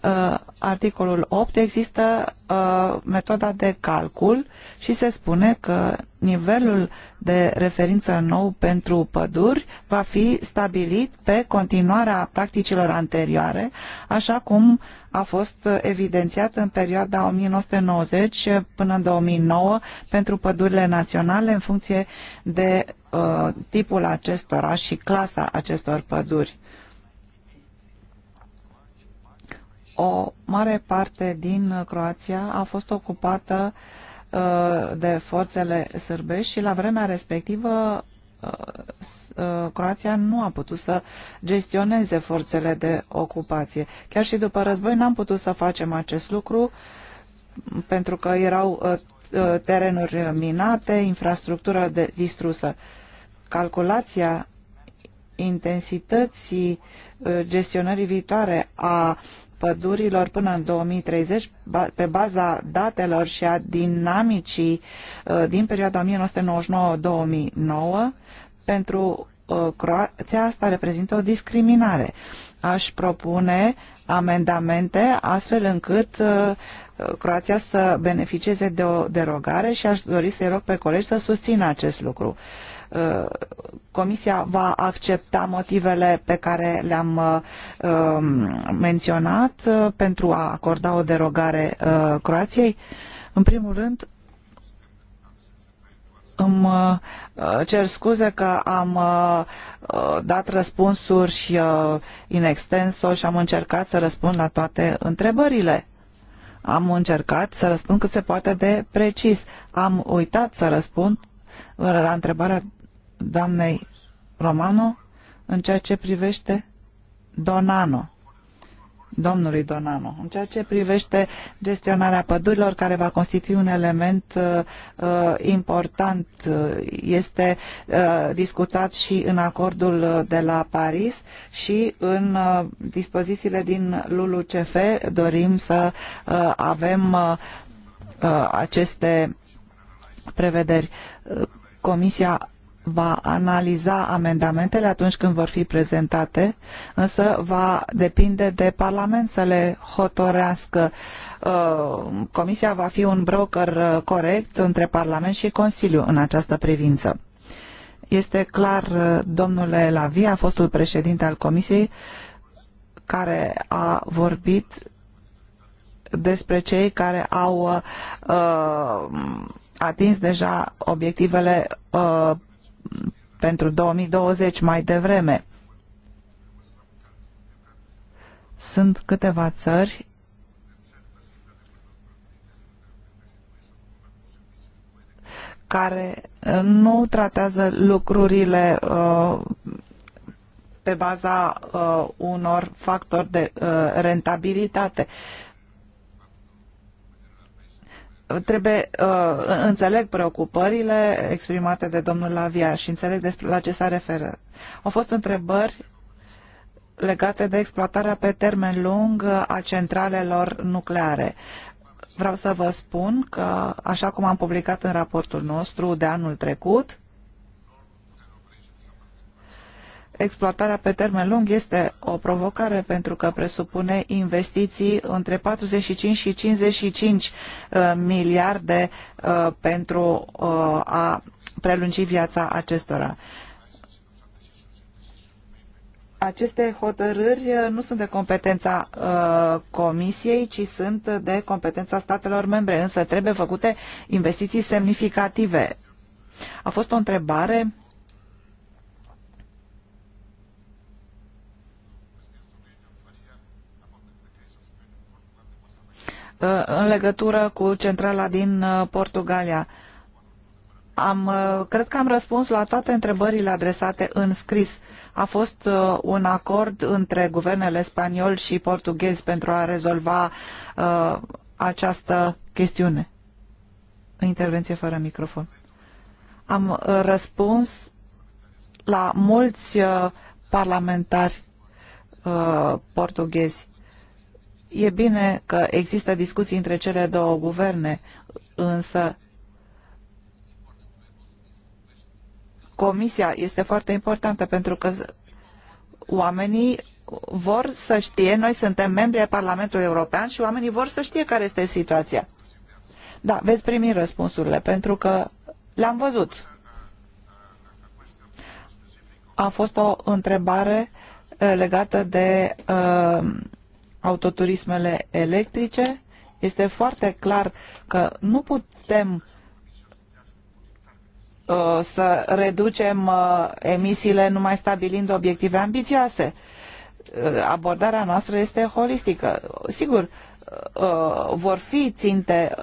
uh, articolul 8 există uh, metoda de calcul și se spune că nivelul de referință nou pentru păduri va fi stabilit pe continuarea practicilor anterioare, așa cum a fost evidențiat în perioada 1990 până în 2009 pentru pădurile naționale în funcție de uh, tipul acestora și clasa acestor păduri o mare parte din Croația a fost ocupată uh, de forțele sârbești și la vremea respectivă uh, uh, Croația nu a putut să gestioneze forțele de ocupație. Chiar și după război n-am putut să facem acest lucru pentru că erau terenuri minate, infrastructură de, distrusă. Calculația intensității gestionării viitoare a pădurilor până în 2030 pe baza datelor și a dinamicii uh, din perioada 1999-2009 pentru uh, Croația asta reprezintă o discriminare. Aș propune amendamente astfel încât uh, Croația să beneficieze de o derogare și aș dori să-i rog pe colegi să susțină acest lucru. Uh, Comisia va accepta motivele pe care le-am uh, um, menționat uh, pentru a acorda o derogare Croației. În primul rând, îmi cer scuze că am dat răspunsuri și in extenso și am încercat să răspund la toate întrebările. Am încercat să răspund cât se poate de precis. Am uitat să răspund la întrebarea doamnei Romano în ceea ce privește Donano, domnului Donano, în ceea ce privește gestionarea pădurilor, care va constitui un element uh, uh important, uh, este uh, discutat și în acordul uh, de la Paris și în uh, dispozițiile din LULUCF dorim să uh, avem uh, aceste prevederi. Comisia va analiza amendamentele atunci când vor fi prezentate, însă va depinde de Parlament să le hotorească. Uh, Comisia va fi un broker uh, corect între Parlament și Consiliu în această privință. Este clar, uh, domnule Lavia, fostul președinte al Comisiei, care a vorbit despre cei care au uh, atins deja obiectivele uh, pentru 2020 mai devreme. Sunt câteva țări care uh, nu tratează lucrurile uh, pe baza uh, unor factori de rentabilitate trebuie, uh, înțeleg preocupările exprimate de domnul Lavia și înțeleg despre la ce se referă. Au fost întrebări legate de exploatarea pe termen lung a centralelor nucleare. Vreau să vă spun că, așa cum am publicat în raportul nostru de anul trecut, exploatarea pe termen lung este o provocare pentru că presupune investiții între 45 și 55 uh, miliarde uh, pentru uh, a prelungi viața acestora. Aceste hotărâri nu sunt de competența Comisiei, ci sunt de competența statelor membre, însă trebuie făcute investiții semnificative. A fost o întrebare Uh, în legătură cu centrala din uh, Portugalia. Am, uh, cred că am răspuns la toate întrebările adresate în scris. A fost un acord între guvernele spaniol și portughez pentru a rezolva uh, această chestiune. Intervenție fără microfon. Am răspuns la mulți parlamentari uh, portughezi E bine că există discuții între cele două guverne, însă comisia este foarte importantă pentru că oamenii vor să știe, noi suntem membri ai Parlamentului European și oamenii vor să știe care este situația. Da, veți primi răspunsurile, pentru că le-am văzut. A fost o întrebare eh, legată de uh, autoturismele electrice, este foarte clar că nu putem uh, să reducem uh, emisiile numai stabilind obiective ambițioase. Uh, abordarea noastră este holistică. Sigur, vor fi ținte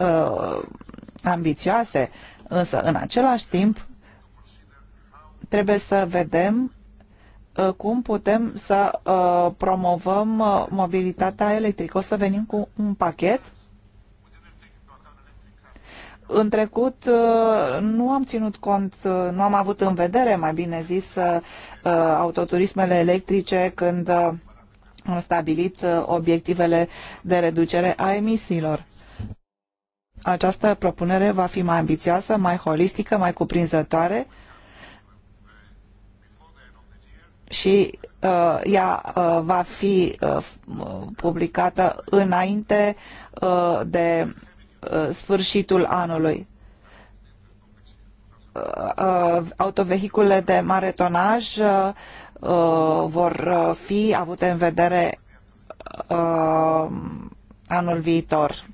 ambițioase, însă în același timp trebuie să vedem Uh, cum putem să uh, promovăm uh, mobilitatea electrică. O să venim cu un pachet în trecut nu am ținut cont, nu am avut în vedere, mai bine zis, autoturismele electrice când am stabilit obiectivele de reducere a emisiilor. Această propunere va fi mai ambițioasă, mai holistică, mai cuprinzătoare și uh, ea uh, va fi uh, publicată înainte uh, de uh, sfârșitul anului. Uh, uh autovehicule de mare tonaj uh, uh, vor fi avute în vedere uh, anul viitor.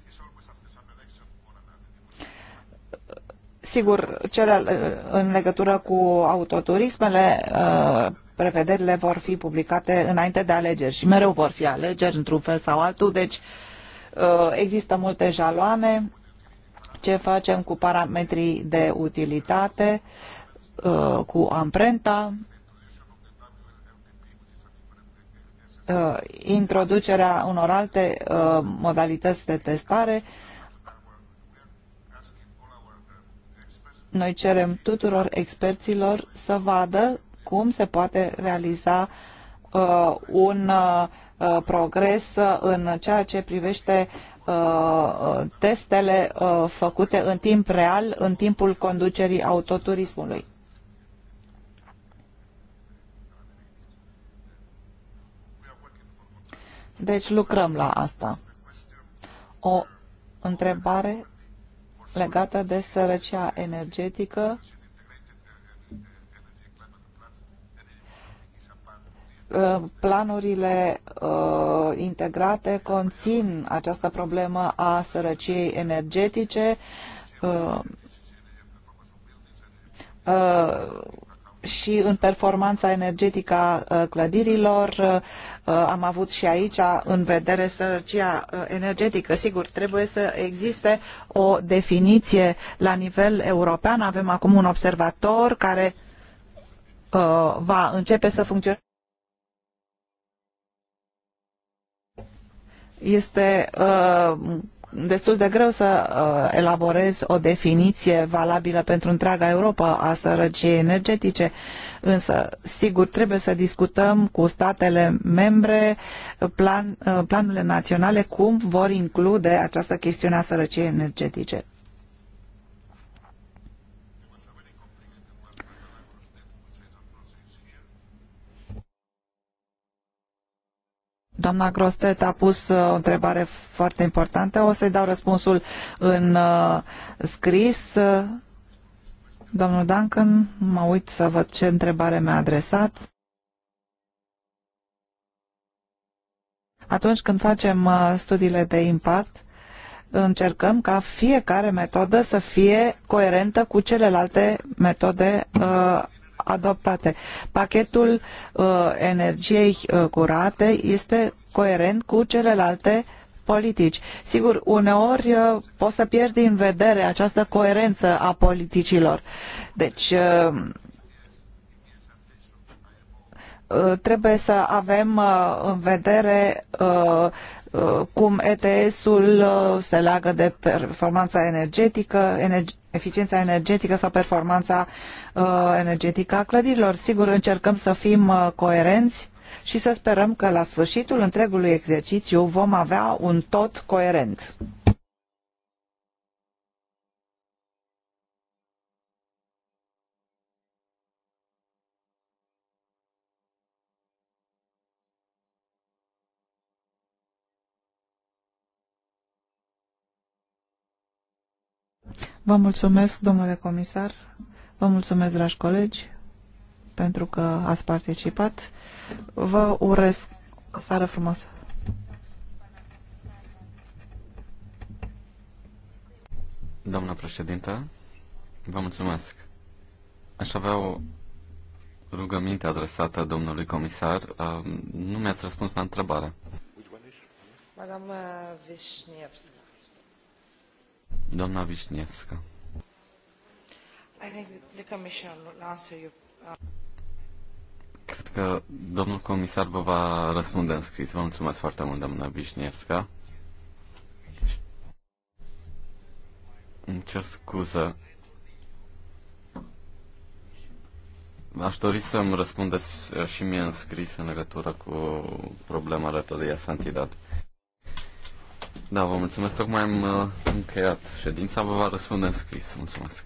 Sigur, cele în legătură cu autoturismele uh, prevederile vor fi publicate înainte de alegeri și mereu vor fi alegeri într-un fel sau altul, deci uh, există multe jaloane, ce facem cu parametrii de utilitate, uh, cu amprenta, uh, introducerea unor alte modalități de testare. Noi cerem tuturor experților să vadă cum se poate realiza uh, un uh, progres în ceea ce privește uh, testele uh, făcute în timp real, în timpul conducerii autoturismului. Deci lucrăm la asta. O întrebare legată de sărăcia energetică planurile uh, integrate conțin această problemă a sărăciei energetice uh, uh, și în performanța energetică a uh, clădirilor. Uh, am avut și aici în vedere sărăcia uh, energetică. Sigur, trebuie să existe o definiție la nivel european. Avem acum un observator care va începe să funcționeze Este uh, destul de greu să uh, elaborez o definiție valabilă pentru întreaga Europa a sărăciei energetice, însă, sigur, trebuie să discutăm cu statele membre plan, uh, planurile naționale cum vor include această chestiune a sărăciei energetice. Doamna Crosteț a pus uh, o întrebare foarte importantă. O să-i dau răspunsul în uh, scris. Domnul Duncan, mă uit să văd ce întrebare mi-a adresat. Atunci când facem uh, studiile de impact, încercăm ca fiecare metodă să fie coerentă cu celelalte metode adoptate. Pachetul uh, energiei uh, curate este coerent cu celelalte politici. Sigur, uneori uh, poți să pierzi din vedere această coerență a politicilor. Deci, uh, uh trebuie să avem uh, în vedere uh, Uh, cum ETS-ul uh, se leagă de performanța energetică, energe eficiența energetică sau performanța uh, energetică a clădirilor. Sigur, încercăm să fim coerenți și să sperăm că la sfârșitul întregului exercițiu vom avea un tot coerent. Vă mulțumesc, domnule comisar, vă mulțumesc, dragi colegi, pentru că ați participat. Vă urez seară frumoasă. Doamna președintă, vă mulțumesc. Aș avea o rugăminte adresată domnului comisar. Nu mi-ați răspuns la întrebare. Madame Vișnievska. Doamna Vișnievska. Cred că domnul comisar vă va răspunde în scris. Vă mulțumesc foarte mult, doamna Vișnievska. Îmi cer scuză. Aș dori să-mi răspundeți și mie în scris în legătură cu problema datoriei Santidad. Da, vă mulțumesc. Tocmai am uh, încheiat ședința. Vă va răspunde în scris. Mulțumesc.